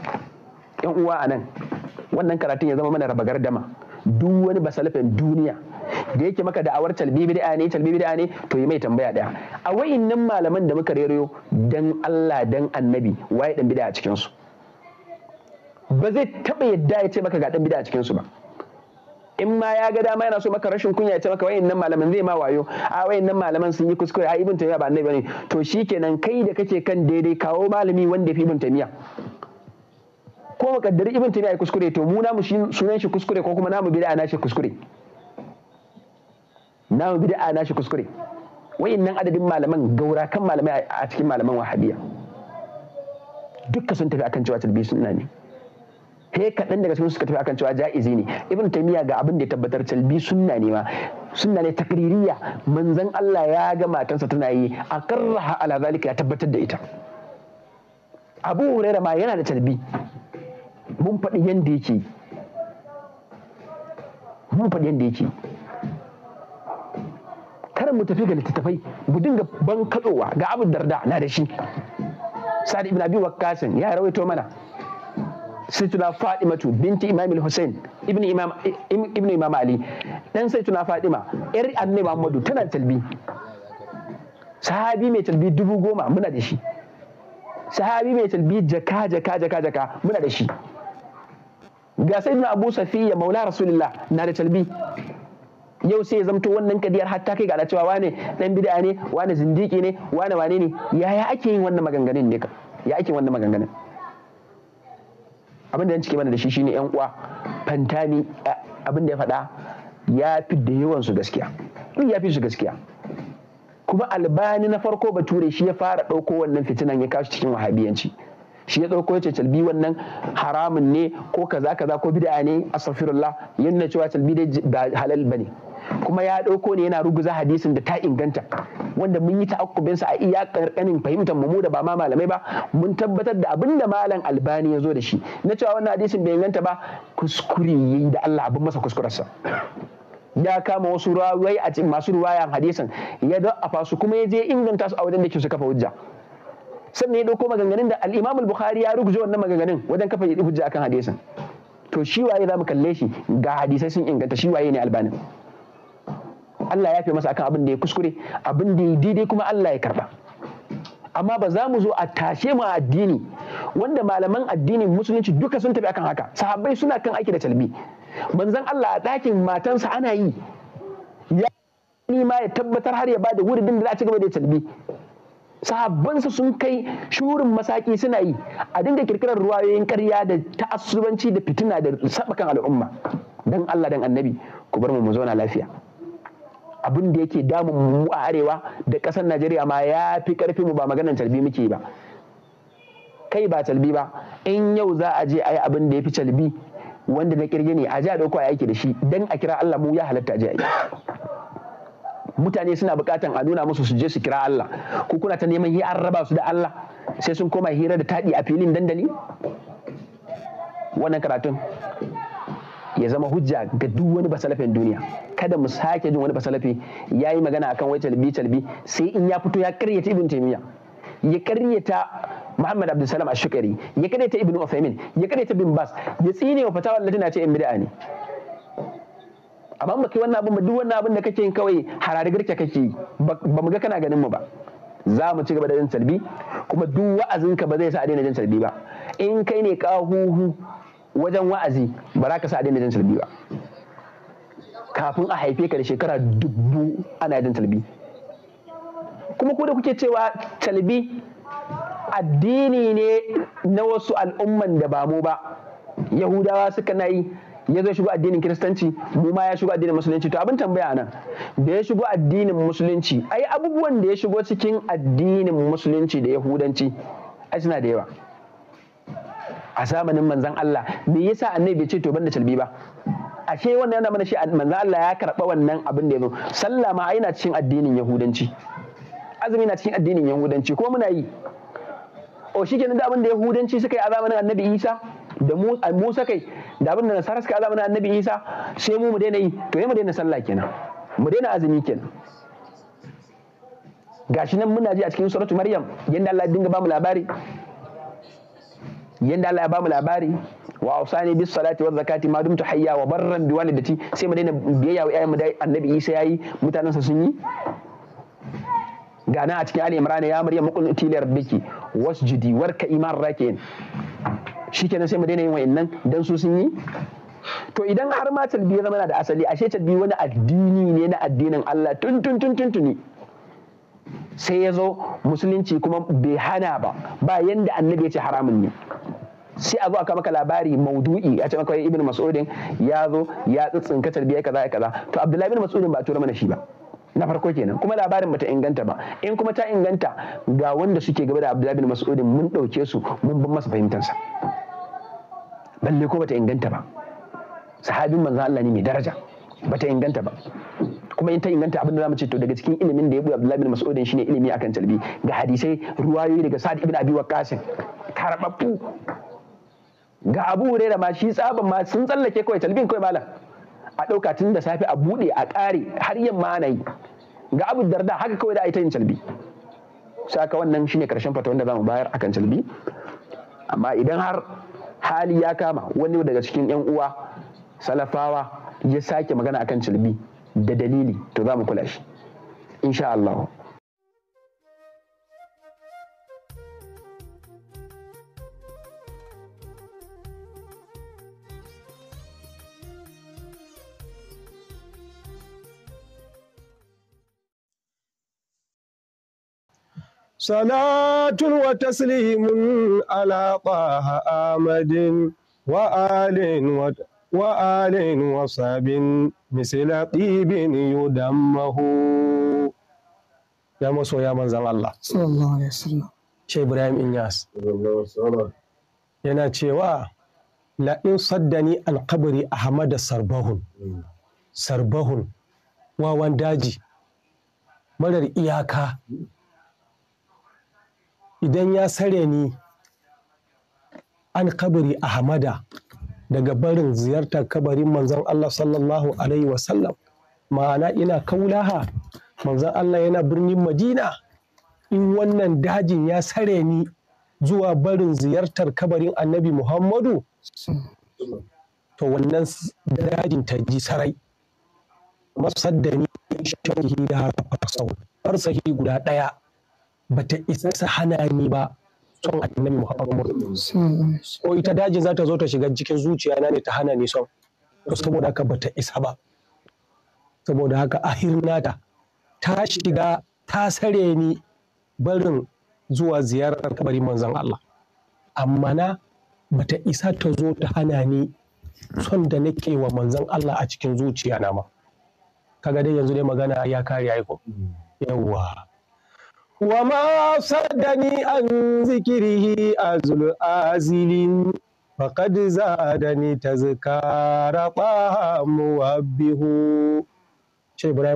yan uwa nan, wannan karatun ya zama mana rabagar dama duk wani basalafin duniya da yake maka da'awar talbi bid'a ne talbi bid'a ne to yi mai tambaya daya a wayannan malaman da muka rero dan Allah dan annabi waye dan bid'a a cikin su ba zai taba yadda ya ce maka ga dan bid'a a cikin su ba in ma ya ga dama yana so maka rashin kunya ya ce maka wayannan malaman zai ma wayo a wayannan malaman sun yi kuskure a ibn taymiya ba annabi bane to shikenan kai da kake kan daidai kawo malami wanda ya fi ibn taymiya ko makaddari ibn taymiya kuskure to mu namu sunan shi kuskure ko kuma namu bid'a na shi kuskure namu bid'a na shi kuskure wayannan adadin malaman gaura kan malamai a cikin malaman wahabiya dukka sun tafi akan cewa talbiyu sunna ne he kaɗan daga cikin suka tafi akan cewa ja'izi ne ibn taymiya ga abin da ya tabbatar calbi sunna ne ma sunna ne takririya manzon Allah ya ga matansa tana yi a ala zalika ya tabbatar da ita abu hurairah ma yana da calbi mun faɗi yadda yake mun faɗi yadda yake karan mu tafi ga littattafai mu dinga ban katsowa ga abin darda na da shi sa'ad ibn abi waqasin ya rawaito mana sayyiduna fadimatu binti imam hussein ibn imam ibn imam ali dan sayyiduna fadima yar annabi muhammadu tana talbi sahabi mai talbi dubu goma muna da shi sahabi mai talbi jaka jaka jaka jaka muna da shi ga sayyidina abu safiya maula rasulullah na da talbi yau sai ya zamto wannan kadiyar ta kai ga cewa wane dan bid'a ne wane zindiki ne wane wane ne yaya ake yin wannan maganganun ne ka ya ake wannan maganganun abin da cike mana da shi shine yan uwa fantani abin da ya faɗa ya fi da yawan su gaskiya in ya fi su gaskiya kuma albani na farko bature shi ya fara ɗauko wannan fitinan ya kashi cikin wahabiyanci shi ya dauko ce calbi wannan haramun ne ko kaza kaza ko bid'a ne astaghfirullah yana cewa calbi dai ba halal bane kuma ya dauko ne yana ruguza hadisin da ta inganta wanda mun yi ta'akkubin a iya karkanin fahimtar mu da ba ma malamai ba mun tabbatar da abin da malam albani ya zo da shi na cewa wannan hadisin bai inganta ba kuskure yayi da Allah abin masa kuskurarsa ya kama wasu ruwa a cikin masu ruwayan hadisan ya da kuma ya je inganta su a wajen da ke su kafa hujja sannan ya ɗauko maganganun da al'imam al-Bukhari ya rugujo wannan maganganun wajen kafa yi hujja akan hadisin to shi waye za mu kalle shi ga hadisai sun inganta shi waye ne albani Allah ya fi masa akan abin da ya kuskure abin da ya daidai kuma Allah ya karba amma ba za mu zo a tashe mu a addini wanda malaman addinin musulunci duka sun tafi akan haka sahabbai suna kan aiki da talbi manzon Allah a ɗakin matansa ana yi ya ma ya tabbatar har ya bada wuridin da za a ci gaba da talbi sahabbansa sun kai shurin masaki suna yi a dinga kirkirar ruwayoyin ƙarya da ta'assubanci da fitina da sabakan al'umma dan Allah dan annabi ku bar mu mu zauna lafiya abin da yake damun mu a arewa da ƙasar Najeriya ma ya fi ƙarfi mu ba maganar calbi muke ba kai ba calbi ba in yau za a je a yi abin da ya fi calbi wanda na ƙirge ne a ji a ɗauko a yake da shi dan a kira Allah mu ya halatta a a yi mutane suna bukatan a nuna musu su je su kira Allah ko kuna ta neman yi su da Allah sai sun koma hira da taɗi a filin dandali wannan karatun ya zama hujja ga duk wani basalafin duniya kada mu sake jin wani basalafi ya yi magana akan wai talbi talbi sai in ya fito ya karyata ibn taymiya ya karyata muhammad abdulsalam ashukari ya karyata ibn uthaymin ya karyata bin bas ya tsine wa fatawa latina ce in bid'a ne amma ba kai wannan abin ba duk wannan abin da kake yin kawai harare garke kake ba mu ga kana ganin mu ba za mu ci gaba da jin talbi kuma duk wa'azin ka ba zai sa a daina jin talbi ba in kai ne kahuhu wajen wa'azi ba za ka sa a daina jin talbi ba kafin a haife ka da shekara dubu ana jin talbi kuma ko da kuke cewa talbi addini ne na wasu al'umman da ba mu ba yahudawa suka nayi. ya zo shigo addinin kiristanci mu ma ya shigo addinin musulunci to abin tambaya nan da ya shigo addinin musulunci ai abubuwan da ya shigo cikin addinin musulunci da yahudanci ai suna da yawa a zamanin manzon Allah me yasa annabi bai ce to banda calbi ba ashe wannan yana mana shi manzon Allah ya karba wannan abin da ya zo sallah ma yana cikin addinin yahudanci azumi na cikin addinin yahudanci ko muna yi o shikenan da abin da yahudanci suka yi a zamanin annabi Isa da Musa kai da abin da nasara suka azama na annabi isa sai mu mu daina yi to ya mu daina sallah kenan mu daina azumi kenan gashi nan muna ji a cikin suratu maryam yanda Allah ya dinga mu labari yanda Allah ya bamu labari wa ausani bis salati waz zakati ma dumtu hayya wa barran bi walidati sai mu daina biyayya wa ayyamu annabi isa yayi sa sun yi gana a cikin ali imran ya maryam muqnuti li rabbiki wasjudi warka iman rakin shikenan sai mu daina yin wa'annan dan su sun yi to idan har ma talbi ya zama da asali ashe talbi wani addini ne na addinin Allah tun tun tun tun tuni sai ya zo musulunci kuma bai hana ba ba yanda annabi ya ce haramun ne sai a zo aka maka labari maudu'i a ce maka ibn mas'udin ya zo ya tsitsinka talbi kaza kaza to abdullahi ibn mas'udin ba a tura mana shi ba na farko kenan kuma labarin bata inganta ba in kuma ta inganta ga wanda suke gaba da abdullahi bin mas'udin mun dauke su mun bin masa fahimtansa balle ko bata inganta ba sahabin manzan Allah ne mai daraja bata inganta ba kuma in ta inganta abin da zamu ce to daga cikin ilimin da ya buya Abdullahi bin Mas'udin shine ilimi akan talbi ga hadisai ruwayoyi daga Sa'ad ibn Abi Waqqas karababbu ga Abu Hurairah ma shi tsaban ma sun tsallake kawai talbin kawai malam a ɗauka tun da safe a buɗe a ƙare har yamma ana ga abu darda haka kawai da a yi ta yin calbi saka wannan shine karshen fata wanda mu bayar akan calbi amma idan har hali ya kama wani daga cikin yan uwa salafawa ya sake magana akan calbi da dalili to za mu kula shi insha صلاة وتسليم على طه آمد وآل وآل وصحب مثل طيب يدمه يا مسو يا من زن الله صلى الله عليه وسلم شيخ إبراهيم إنياس yana cewa la in saddani alkabari ahmada sarbahun sarbahun wawan daji marar iyaka idan ya sare ni an kabari hamada daga barin ziyartar kabarin manzon Allah sallallahu alaihi wasallam ma'ana ina kaulaha manzon Allah yana birnin madina in wannan dajin ya sare ni zuwa barin ziyartar kabarin annabi muhammadu to wannan dajin ta ji sarai masadda ni shahi da harfar sau guda ɗaya bata isa su hana ni ba son annabi Muhammad ko ita dajin za ta zo ta shiga cikin zuciya na ne ta hana ni son to saboda haka bata isa ba saboda haka ahirnata ta shiga ta sare ni barin zuwa ziyarar kabarin manzon Allah amma na bata isa ta zo ta hana ni son da nake wa manzon Allah a cikin zuciya na ma kaga dai yanzu dai magana ya kare aiko mm. yawwa wama sadani an zikirihi a zulazili faƙad za a dani ta zikara ba a muwabbi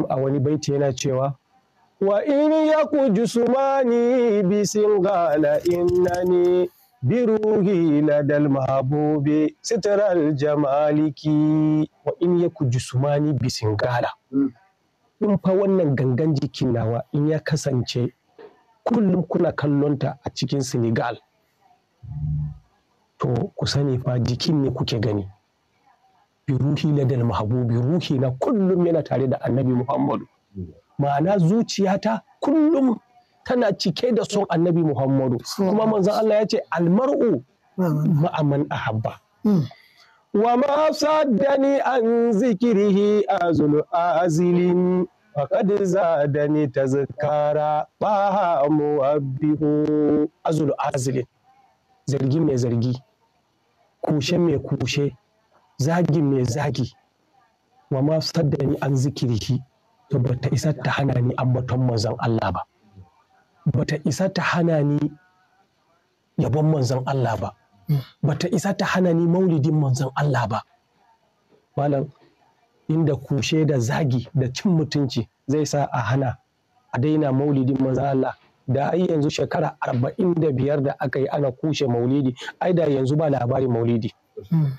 a wani baiti yana cewa wa in ya ku ji su ma ni bi sin ina ne bi ruhi na dalma bobe sitiral jamaliki wa in ya ku ji in fa wannan gangan jikin nawa in ya kasance kullum kuna kallonta a cikin senegal to ku sani fa jikin ne kuke gani bi ruhi na dal mahabubi ruhi na kullum yana tare da annabi muhammadu ma'ana zuciyata kullum tana cike da son annabi muhammadu kuma manzon allah ya ce almar'u ma'aman ahabba hmm. wa ma saddani an zikirihi azul azilin faƙad zadani tazkara baha muwabbihu azul azilin zargi mai zargi kushe mai kushe zagi mai zagi wa ma saddani an zikirhi to bata isa ta hana ni ambaton manzon Allah ba bata isa ta hana ni yabon manzon Allah ba hmm. bata isa ta hana ni maulidin manzon Allah ba malam inda kushe da zagi da cin mutunci zai sa a hana a daina maulidin manzo Allah da ai yanzu shekara arba'in da biyar da aka yi ana kushe maulidi ai da yanzu ba labarin maulidi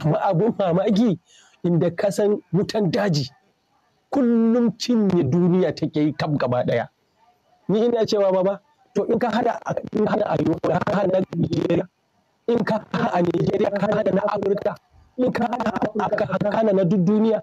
amma abin mamaki inda kasan wutan daji kullum cinye duniya take yi kam gaba daya ni ina cewa baba to in ka hada in ka hada a Nigeria in ka hada a Nigeria ka hada na Afirka in kana na duk duniya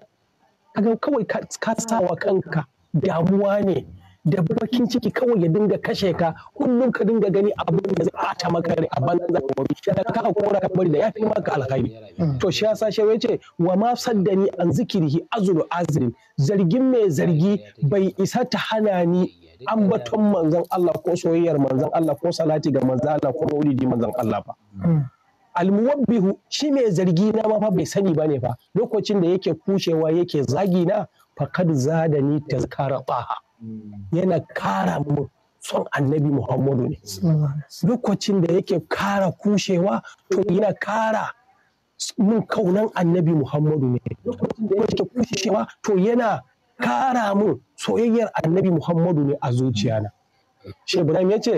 kaga kawai ka sawa kanka damuwa ne da bakin ciki kawai ya dinga kashe ka kullum ka dinga gani abin da zai ata maka ne a banza gobe da ka kora ka bari da ya yafi maka alkhairi mm. to shi yasa shi ce wa ma saddani an zikirhi azru azrin zargin mai zargi bai isa ta hana ni an baton manzon Allah ko soyayyar manzon Allah ko salati ga manzon Allah ko maulidi manzon Allah ba mm. almuwabbihu shi mai zargi na ma fa bai sani ba ne fa lokacin da yake kushewa yake zagi na fakad zada ni tazkara taha yana kara mu son annabi muhammadu ne lokacin da yake kara kushewa to yana kara mun kaunan annabi muhammadu ne lokacin da yake kushewa to yana kara mun soyayyar annabi muhammadu ne a zuciyana shi ibrahim ya ce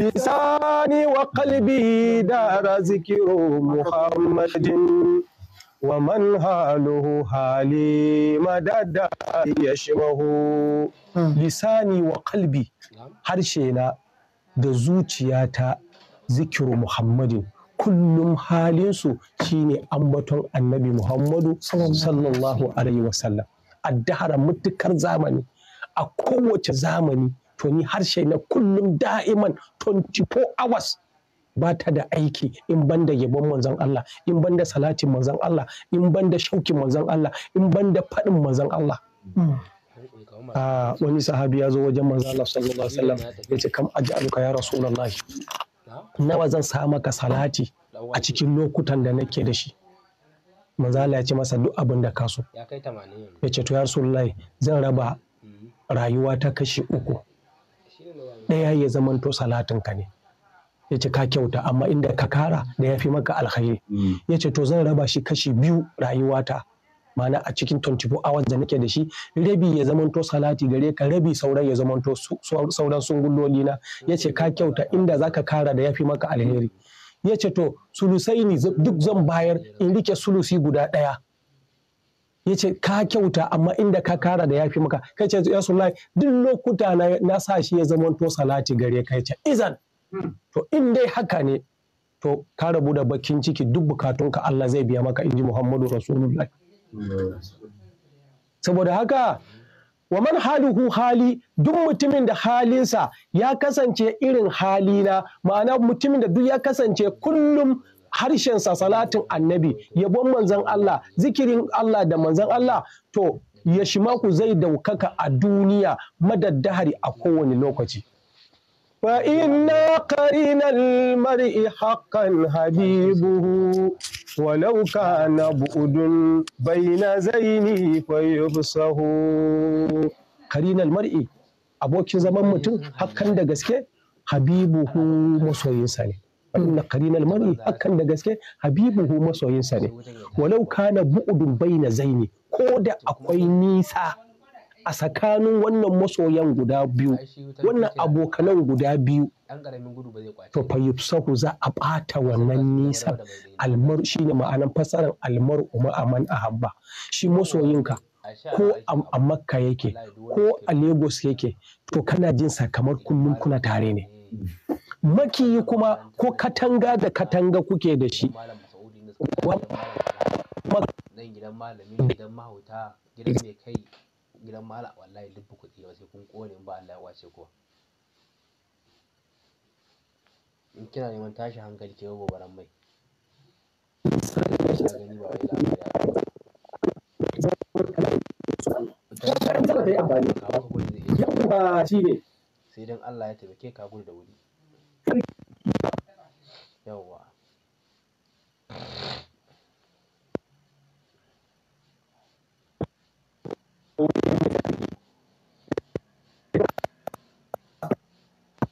lisani wa kalbi da zikiru muhammadin wa man haluhu hali madada ya shibahu hmm. lisani wa kalbi, harshe na da zuciyata zikiru muhammadin kullum halinsu shine ambaton annabi muhammadu sallallahu alaihi wasallam a dahara matukar zamani a kowace zamani to ni harshe na kullum da'iman 24 hours ba ta da aiki in ban da yabon manzon Allah in ban da salatin manzon Allah in ban da shauki manzon Allah in ban da faɗin manzon Allah hmm. wani sahabi ya zo wajen manzon Allah sallallahu alaihi wasallam ya ce kam aj'aluka ya rasulullahi nawa zan sa maka salati a cikin lokutan da nake da shi manzon Allah ya ce masa duk abin da ka so ya ce to ya rasulullahi zan raba hmm. rayuwa ta kashi uku ɗaya ya zamanto salatinka ne ya ce ka kyauta amma inda ka kara da ya fi maka alkhairi mm. ya ce to zan raba shi kashi biyu rayuwata mana a cikin 24 hours da nake da shi rabi ya zamanto salati gare ka rabi sauran ya to sauran sungulloli na ya ce ka kyauta inda zaka kara da ya fi maka alheri ya ce to sulusai ne duk zan bayar in rike sulusi guda ɗaya ya ce ka kyauta amma inda ka kara da yafi maka kai ce ya sullahi duk lokuta na, na sa shi ya zama to salati gare kai ce izan to in dai haka ne to ka rabu da bakin ciki duk bukatunka Allah zai biya maka inji Muhammadu Rasulullah saboda haka wa man haluhu hali duk mutumin da halinsa ya kasance irin halina ma'ana mutumin da duk ya kasance kullum harshensa salatin annabi yabon manzan Allah zikirin Allah da manzan Allah to ya ku zai daukaka a duniya madaddahari a kowane lokaci فإن قرين mar'i حقا حبيبه ولو كان بعد بين زينه فيفصه قرين المرء abokin zaman mutum hakan da gaske habibuhu masoyinsa ne fa inna qarinal mar'i hakan da gaske habibuhu masoyinsa ne walau kana bu'dun baina zaini ko da akwai nisa a tsakanin wannan masoyan guda biyu wannan abokanan guda biyu to fayyusahu za a bata wannan nisa almar ne ma'anan fasaran almar umma aman ahabba shi masoyinka ko a makka yake ko a lagos yake to kana jinsa kamar kullum kuna tare ne makiyi kuma ko katanga da katanga kuke da shi nan gidan malami gidan mahauta gidan mai kai gidan mala wallahi duk kuɗi ba sai kun kone ba Allah ya wace ko in kina neman tashi hankali ke gobaran mai sai dan Allah ya taimake ka gudu da wuri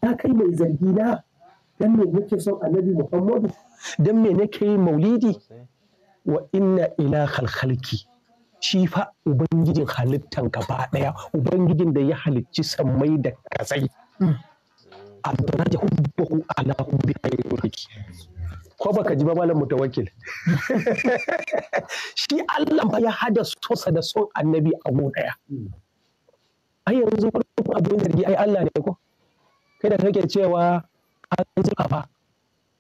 Na kai mai zargi na, dan me nake son Annabi Muhammadu? Don me nake yi maulidi? Wa inna ila khalqalki. Shi fa Ubangijin halittan gaba ɗaya, Ubangijin da ya halicci sammai da kasai abdurrahman ya hubbu ala hubbi khairulaki ko baka ji ba malam mutawakkil shi Allah ba ya hada sosa da son annabi a go daya ai yanzu abin zargi ai Allah ne ko kai da kake cewa an zuka ba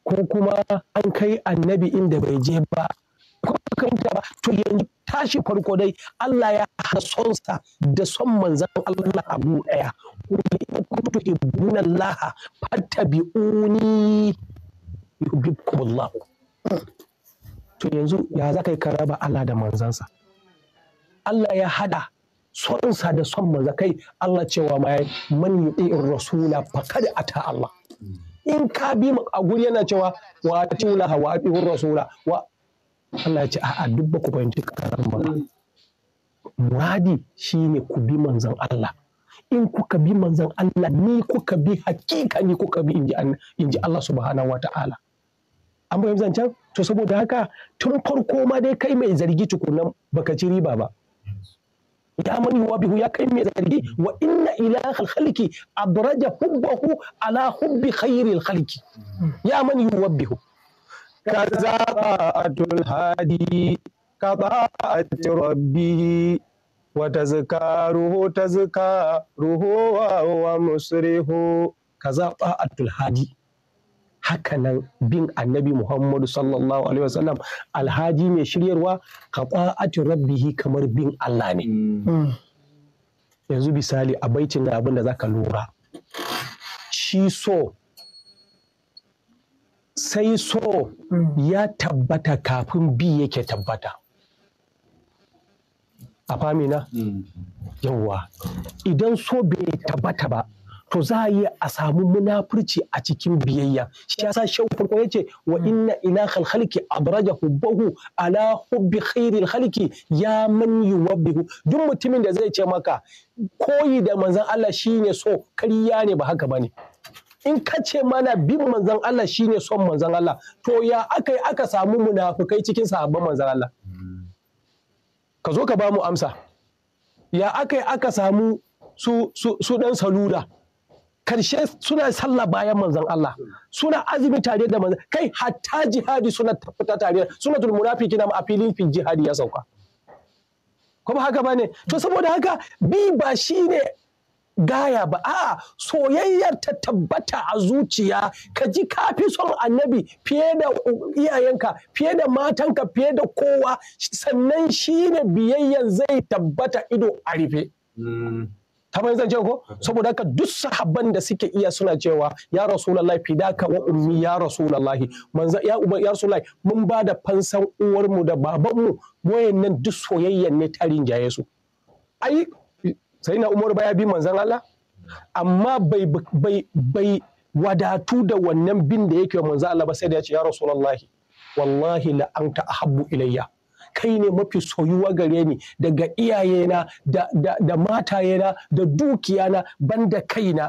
ko kuma an kai annabi inda bai je ba ko ka ba to yanzu tashi farko dai Allah ya haɗa sonsa da son manzan Allah abu ɗaya wani in kuntu hibbuna Allah fattabi'uni yuhibbukum Allah to yanzu ya za yi karaba Allah da manzansa Allah ya haɗa sonsa da son manza kai Allah cewa ma man yuti'ir rasula faqad ata Allah in ka bi a guri yana cewa wa tiula wa rasula wa Allah ya ce a'a duk ba ku fahimci karan ba muradi shine ku bi manzon Allah in kuka bi manzon Allah ni kuka bi hakika ni kuka bi inji Allah subhanahu wata'ala an bayan can? to saboda haka tun farko ma dai kai mai zargi tukunan baka ci riba ba ya mani wa bihu ya kai mai zargi wa inna ilahal khalqi abraja hubbahu ala hubbi khairil halki ya mani wa bihu ka zaɓa a tulhadi ka ba a rabbi wata zika ruho ta wa ka zaɓa a hakanan bin annabi muhammadu sallallahu alaihi wasallam alhaji mai shiryarwa ka rabbihi kamar bin allah ne hmm. yanzu misali a baitin abin da zaka lura shi so sai so mm. ya tabbata kafin bi yake tabbata a famina mm. yawwa idan so bai tabbata ba to za a yi a samu munafurci a cikin biyayya shi sa shehu farko yace wa mm. ina ilakhal khalqi abraja hubbahu ala hubbi khairil halki ya man yuwabbihu duk mutumin da zai ce maka koyi da manzan Allah shi ne so kariya ne ba haka ba ne. in ka ce mana bin manzan Allah shine son manzan Allah to ya aka yi aka samu munafukai cikin sahabban manzan Allah ka zo ka ba mu amsa ya aka yi aka samu su su dan saluda karshe suna sallah bayan manzan Allah suna azumi tare da manzan, kai hatta jihadi suna tafuta tare suna sunatul munafiki na a filin jihadi ya sauka kuma haka bane to saboda haka bi ba shine gaya ba a soyayyar ta tabbata a zuciya ka ji ka fi son annabi fiye da iyayenka fiye da matanka fiye da kowa sannan shi ne biyayyan zai tabbata ido a rufe mm. kamar zan ce ko mm-hmm. saboda haka duk sahabban da suke iya suna cewa ya rasulullahi fidaka wa ummi ya rasulullahi manzo ya umma ya rasulullahi mun ba da fansan mu da babanmu wayannan duk soyayyan ne ta rinjaye su ai sai na umar baya bi manzan Allah amma bai wadatu da wannan bin da yake manzan Allah ba sai da ya ce ya rasulullahi wallahi la anta ahabbu ilayya kai ne mafi soyuwa gare ni daga iyayena da, da, da matayena da dukiyana banda kaina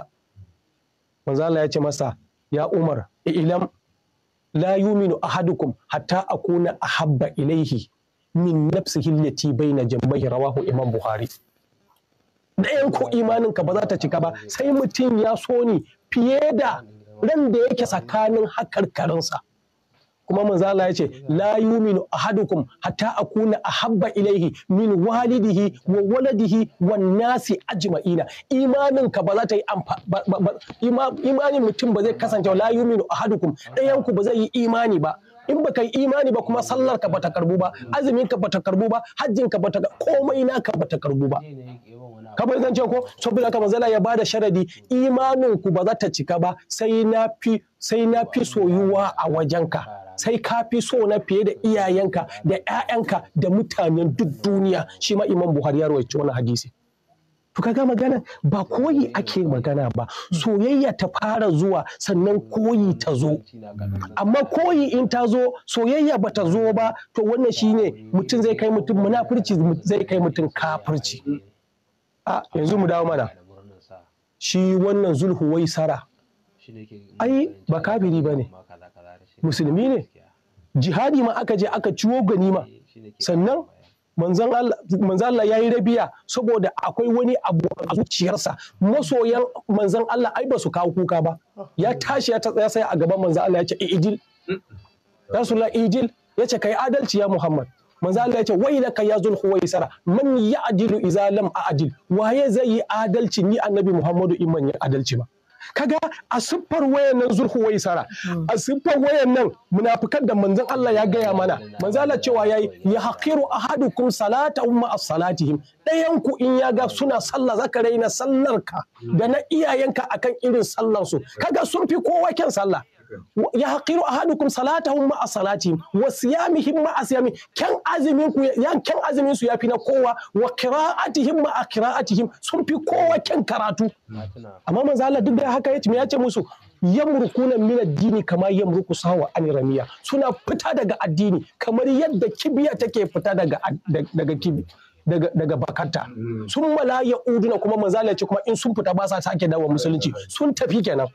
manzan Allah ya ce masa ya Umar ilam la yuminu ahadukum hatta akuna ahabba ilaihi min nafsihi allati baina jambayhi rawahu imam buhari. ɗayan ku imaninka ba za ta cika ba sai mutum ya so ni fiye da ran da yake tsakanin hakarkarinsa kuma manzala ya ce la yuminu ahadukum hatta akuna ahabba ilaihi min walidihi wa waladihi wan nasi ajma'ina imanin ka ba za ta yi imanin mutum ba zai kasance la yuminu ahadukum ɗayan ku ba zai yi imani ba in baka yi imani ba kuma sallar ka bata karbu ba azumin ka bata karbu ba hajjin ka bata komai na ka bata karbu ba ka bai ce ko saboda haka manzala ya bada sharadi imanin ku ba za ta cika ba sai na fi sai na fi soyuwa a wajenka sai ka fi so na fiye da iyayenka da ƴaƴanka da mutanen duk duniya shi ma imam buhari ya rawaito wannan hadisi to kaga magana ba koyi ake magana ba soyayya ta fara zuwa sannan koyi ta zo amma koyi in ta zo soyayya ba ta zo ba to wannan shine mutum zai kai mutum munafurci zai kai mutum kafirci a yanzu mu dawo mana shi wannan zulhu wai sara ai ba kafiri ba ne musulmi ne jihadi ma aka je aka ciwo ganima sannan manzan Allah ya yi rabiya saboda akwai wani abu a zuciyarsa masoyan manzan Allah ai ba su kawo kuka ba ya tashi ya tsaya sai a gaban manzan Allah ya ce ijil rasulullah ijil ya ce kai adalci ya muhammad manzo Allah ya ce wailaka ya zul huwaisara man ya'dilu idza lam a'dil waye zai yi adalci ni annabi Muhammadu in man ya adalci ba kaga a siffar wayan nan zul a siffar wayan nan munafikan da manzon Allah ya gaya mana manzo Allah cewa yayi ya haqiru ahadukum salata umma as-salatihim dayan ku in ya ga suna sallah zaka raina sallarka da na iyayenka akan irin sallar su kaga sun fi kowa kyan sallah Ya a kuma salata hun ma'a salati wa hin ma'a siyami kyan azumin ku ya Kyan azumin su fi na kowa wa qira'atihim ma'a qira'atihim sun fi kowa kyan karatu amma manzo Allah duk da haka yace me yace musu yamrukuna min addini kama yamruku sawa an ramiya suna fita daga addini kamar yadda kibiya take fita daga daga kibi daga, bakarta sun mala ya uduna kuma mazalaci ce kuma in sun fita ba sa sake dawo musulunci sun tafi kenan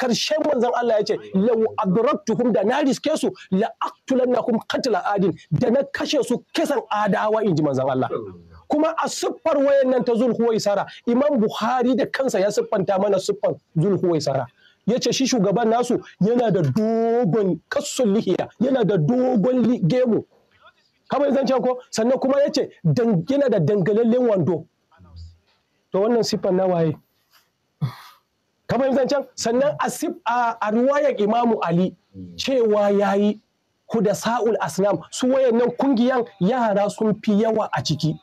karshen manzon Allah ya ce law adraktuhum da na riske su la aqtulannakum qatla adin da na kashe su kisan adawa inji manzon Allah kuma a siffar wayannan ta zulhuwaisara imam buhari da kansa ya siffanta mana siffar zulhuwaisara ya ce shi shugaban nasu yana da dogon kassun lihiya yana da dogon gemu kamar zan ko sannan kuma ya ce yana da dangalallen wando to wannan siffar na waye ka yanzu can sannan a ruwayar imamu ali cewa ya yayi kuda sa'ul asnam su wayannan kungiyan yara sun fi yawa a ciki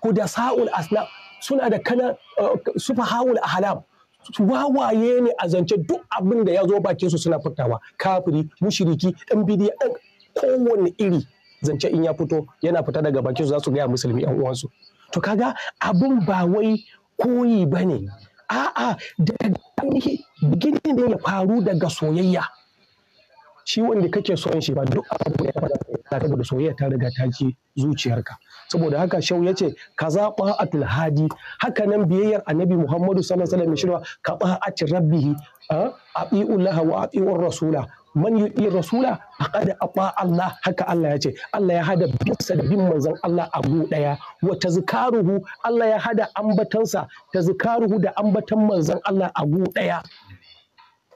kuda sa'ul asnam suna da kana eh, sufahawul Su wawaye ne a zance duk abin da ya zo bakin su suna fitawa kafiri mushiriki dan bidiya dan kowanne iri zance in ya fito yana fita daga bakin su za su gaya musulmi yan uwansu to kaga abin ba wai koyi bane a'a daga ainihi beginning ne ya faru daga soyayya shi wanda kake son shi ba duk abu ya faɗa saboda soyayya ta riga ta ji zuciyarka saboda haka shau ya ce ka zaɓa atul hadi haka nan biyayyar annabi muhammadu sallallahu alaihi wasallam ka ba a rabbihi a ah, bi'ullah wa rasula man yuti rasula faqad ata Allah haka Allah ya ce Allah ya hada bisa da bin manzon Allah a abu ɗaya. wa zikaruhu Allah ya hada ambatansa ta zikaruhu da ambatan manzon Allah a abu ɗaya.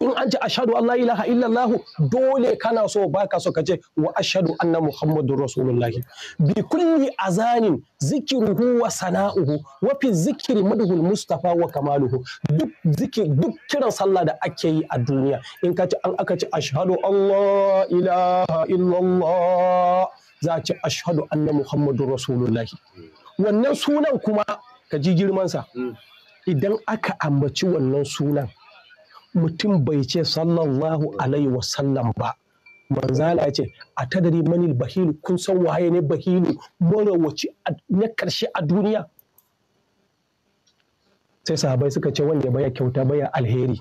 in an ci ashadu Allah ilaha illallah dole kana so baka so kace wa ashadu anna muhammadur rasulullah bi kulli azanin zikiruhu wa sana'uhu wa fi zikri madhul mustafa wa kamaluhu duk zikir duk kiran sallah da ake yi a duniya in ka ci an aka ci ashadu Allah ilaha illallah za ci ashadu anna muhammadur rasulullah wannan sunan kuma ka ji girmansa mm. idan aka ambaci wannan sunan mutum bai ce sallallahu alaihi wasallam ba manzala ya ce a tadari manil bahilu kun san waye ne bahilu wace na karshe a duniya sai sahabai suka ce wanda baya kyauta baya alheri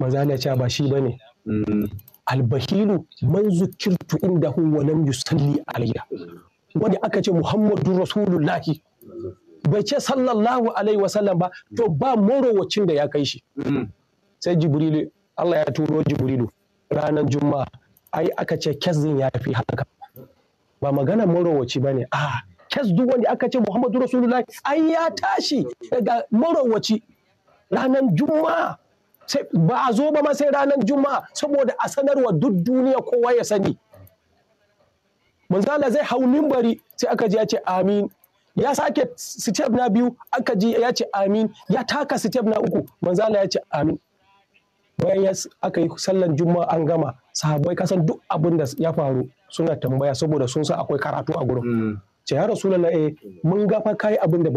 manzala ya ce ah, ba shi bane mm. albahilu man zukirtu inda hu wa lam yusalli alayya wanda aka ce muhammadu rasulullahi bai ce sallallahu alaihi wasallam ba to ba marowacin da ya kai shi mm. sai jibrilu Allah ya turo jibrilu ranar juma'a ai aka ce kes din ya fi haka ba magana marowaci ba a kes duk wanda aka ce muhammadu rasulullahi ai ya tashi daga marowaci ranar juma'a ba a zo ba ma sai ranar juma'a saboda a sanarwa duk duniya kowa ya sani manzala zai hau mimbari sai aka ji ya ce amin ya sake step na biyu aka ji ya ce amin ya taka step na uku manzala ya ce amin bayan aka yi sallan juma'a an gama sahabbai kasan duk abin da ya faru suna tambaya saboda sun san akwai karatu a gurin mm. ce ya rasulullah eh mun ga fa kai abin da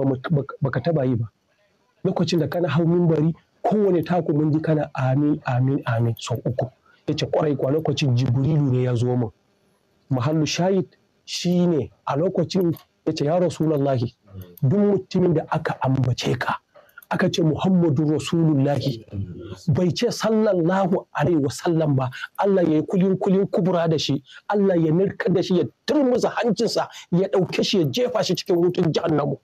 baka taba yi ba lokacin da kana hau bari kowane taku mun ji kana amin amin amin sau uku yace kwarai kwa lokacin jibrilu ne ya zo mu mahallu shahid shine a lokacin yace ya rasulullah duk mutumin da aka ambace ka aka ce Muhammadu Rasulullahi bai ce sallallahu alaihi wasallam ba Allah ya yi kulin kulin kubura da shi Allah ya nirka da shi ya turmuza hancinsa ya ɗauke shi ya jefa shi cikin hutun jahannamu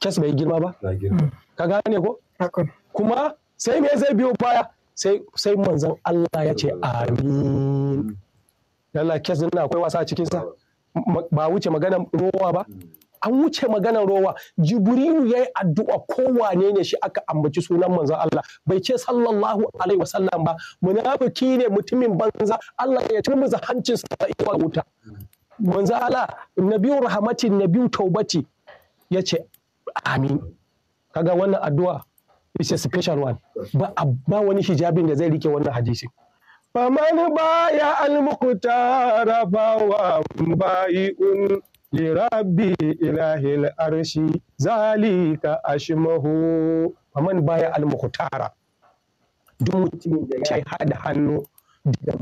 kes bai girma ba ka gane ko kuma sai me zai biyo baya sai sai manzon Allah ya ce amin mm. Allah kes din akwai wasa cikin sa ba wuce maganar rowa ba mm. an wuce maganar rowa jibrilu yayi addu'a ko wane ne shi aka ambaci sunan manzon Allah bai ce sallallahu alaihi wasallam ba munafiki ne mutumin banza Allah ya turmuza hancinsa zuwa wuta manzon Allah nabiyu rahmati nabiyu taubati yace amin kaga wannan addu'a is a special one ba ba wani hijabin da zai rike wannan hadisi faman baya al-muqtara bawa bai'un lirabbi ilahil arshi zalika ashmahu faman baya al duk da ya hada hannu da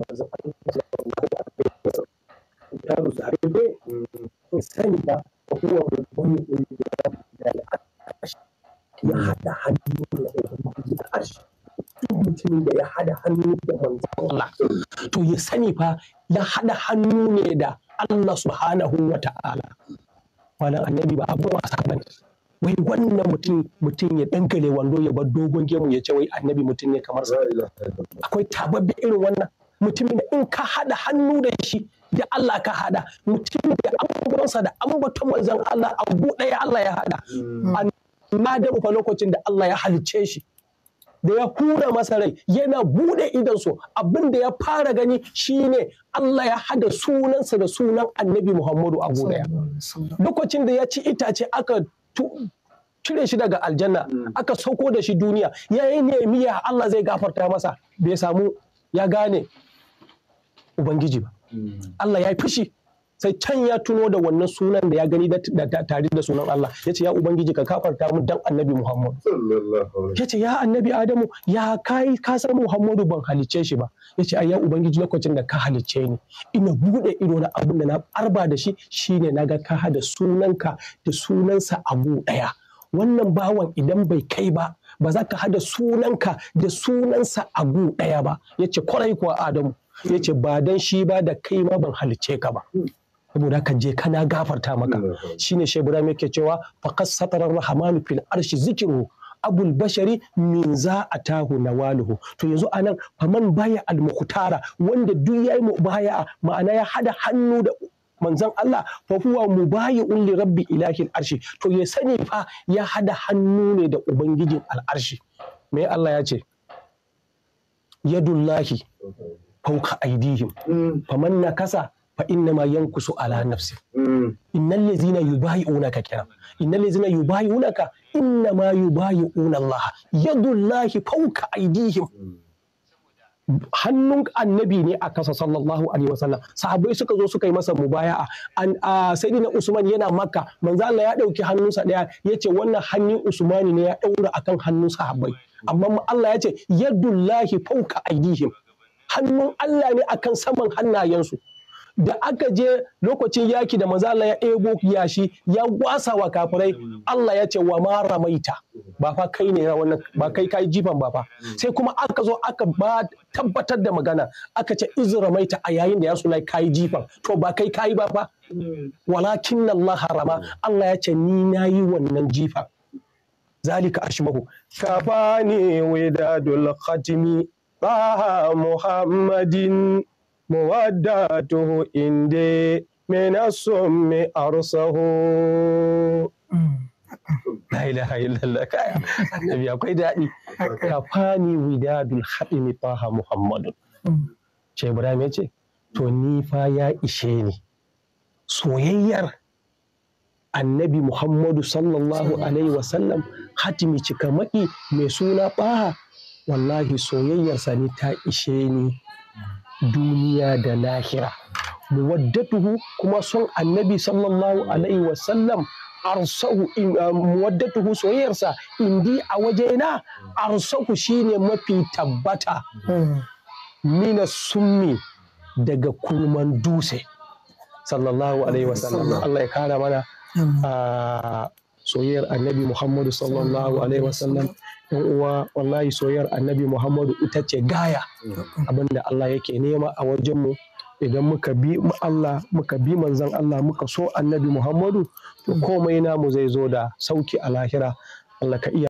duk mutumin da ya haɗa hannu da manzon Allah to ya sani fa ya haɗa hannu ne da Allah subhanahu wa ta'ala wannan annabi ba abin wasa bane wai wannan mutum mutum ya dangale wando ya bar dogon gemu ya ce wai annabi mutum ne kamar akwai tababbe irin wannan mutumin da in ka haɗa hannu da shi da Allah ka haɗa, mutumin da ambatonsa da ambaton manzon Allah abu ɗaya Allah ya haɗa hmm. amma da lokacin da Allah ya halicce shi da ya hura masa rai yana bude idansu abin da ya fara gani shine Allah ya hada sunansa da sunan annabi Muhammadu a daya lokacin da ya ci itace aka cire shi daga aljanna hmm. aka sauko da shi duniya ya yi miya Allah zai gafarta masa bai samu ya gane ubangiji ba hmm. Allah ya yi fushi sai can ya tuno da wannan sunan da ya gani tare da sunan Allah ya ce ya ubangiji ka kafarta mu dan annabi Muhammad ya ce ya annabi Adamu ya kai ka san Muhammadu ban halicce shi ba ya ce ya ubangiji lokacin da ka halicce ni ina bude ido na abin da na arba da shi shine naga ka hada sunanka da sunansa abu daya wannan bawan idan bai kai ba ba za ka hada sunanka da sunansa abu daya ba ya ce kwarai kuwa Adamu ya ce ba dan shi ba da kai ma ban halicce ka ba saboda ka je kana gafarta maka shine shi ibrahim yake cewa faqas satara rahmanu fil arshi zikru abul bashari min za a tahu na waluhu to yanzu anan faman baya al mukhtara wanda duk yayi mubaya ma'ana ya hada hannu da manzon Allah fa huwa mubayi'un li rabbi ilahil arshi to ya sani fa ya hada hannu ne da ubangijin al'arshi me Allah ya ce yadullahi fauka aidihim mm. faman nakasa fa inna ma yankusu ala nafsi hmm. innal ladzina ka kira innal ladzina yubayi'unaka inna ma yubayi'una Allah yadullahi aidihim. hannun annabi ne a kasa sallallahu alaihi wasallam sahabbai suka zo suka yi masa mubaya'a an sayyidina usman yana makka manzo Allah ya dauki hannunsa daya yace wannan hannun usmani ne ya daura akan hannun sahabbai amma Allah yace yadullahi fawqa aidihim. hannun Allah ne akan saman hannayensu da aka je lokacin yaki da maza Allah ya ego yashi ya gwasa wa kafirai Allah ya ce wa ma ramaita ba fa kai ne wannan ba kai kai jifan ba fa sai kuma aka zo aka ba tabbatar da magana aka ce iz ramaita a yayin da ya sulai kai jifan to ba kai kai ba fa walakin Allah harama Allah ya ce ni nayi wannan jifan zalika ashmahu kafani wadadul khatimi ba muhammadin مودته إندي من السم أرسه la ilaha illallah kaya annabi akwai daɗi ya fani widadul haɗimi faha muhammadun mm. ce ibrahim ya ce to ni fa ya ishe ni soyayyar annabi muhammadu sallallahu alaihi wasallam hatimi cikamaki mai suna ɓaha wallahi soyayyarsa ni ta ishe ni duniya da lahira muwaddatuhu kuma son annabi sallallahu alaihi wasallam arsahu ah, muwaddatuhu soyayyarsa indi a wajena arsahu shine mafi tabbata mina summi daga kurman dutse sallallahu alaihi wasallam Allah ya kara mana ah, soyayyar annabi Muhammadu sallallahu alaihi wasallam yan uwa wallahi soyayyar annabi muhammadu ita ce gaya abinda allah yake nema a wajenmu idan muka bi allah muka bi manzan allah muka so annabi muhammadu to komai namu zai zo da sauki a lahira allah ka iya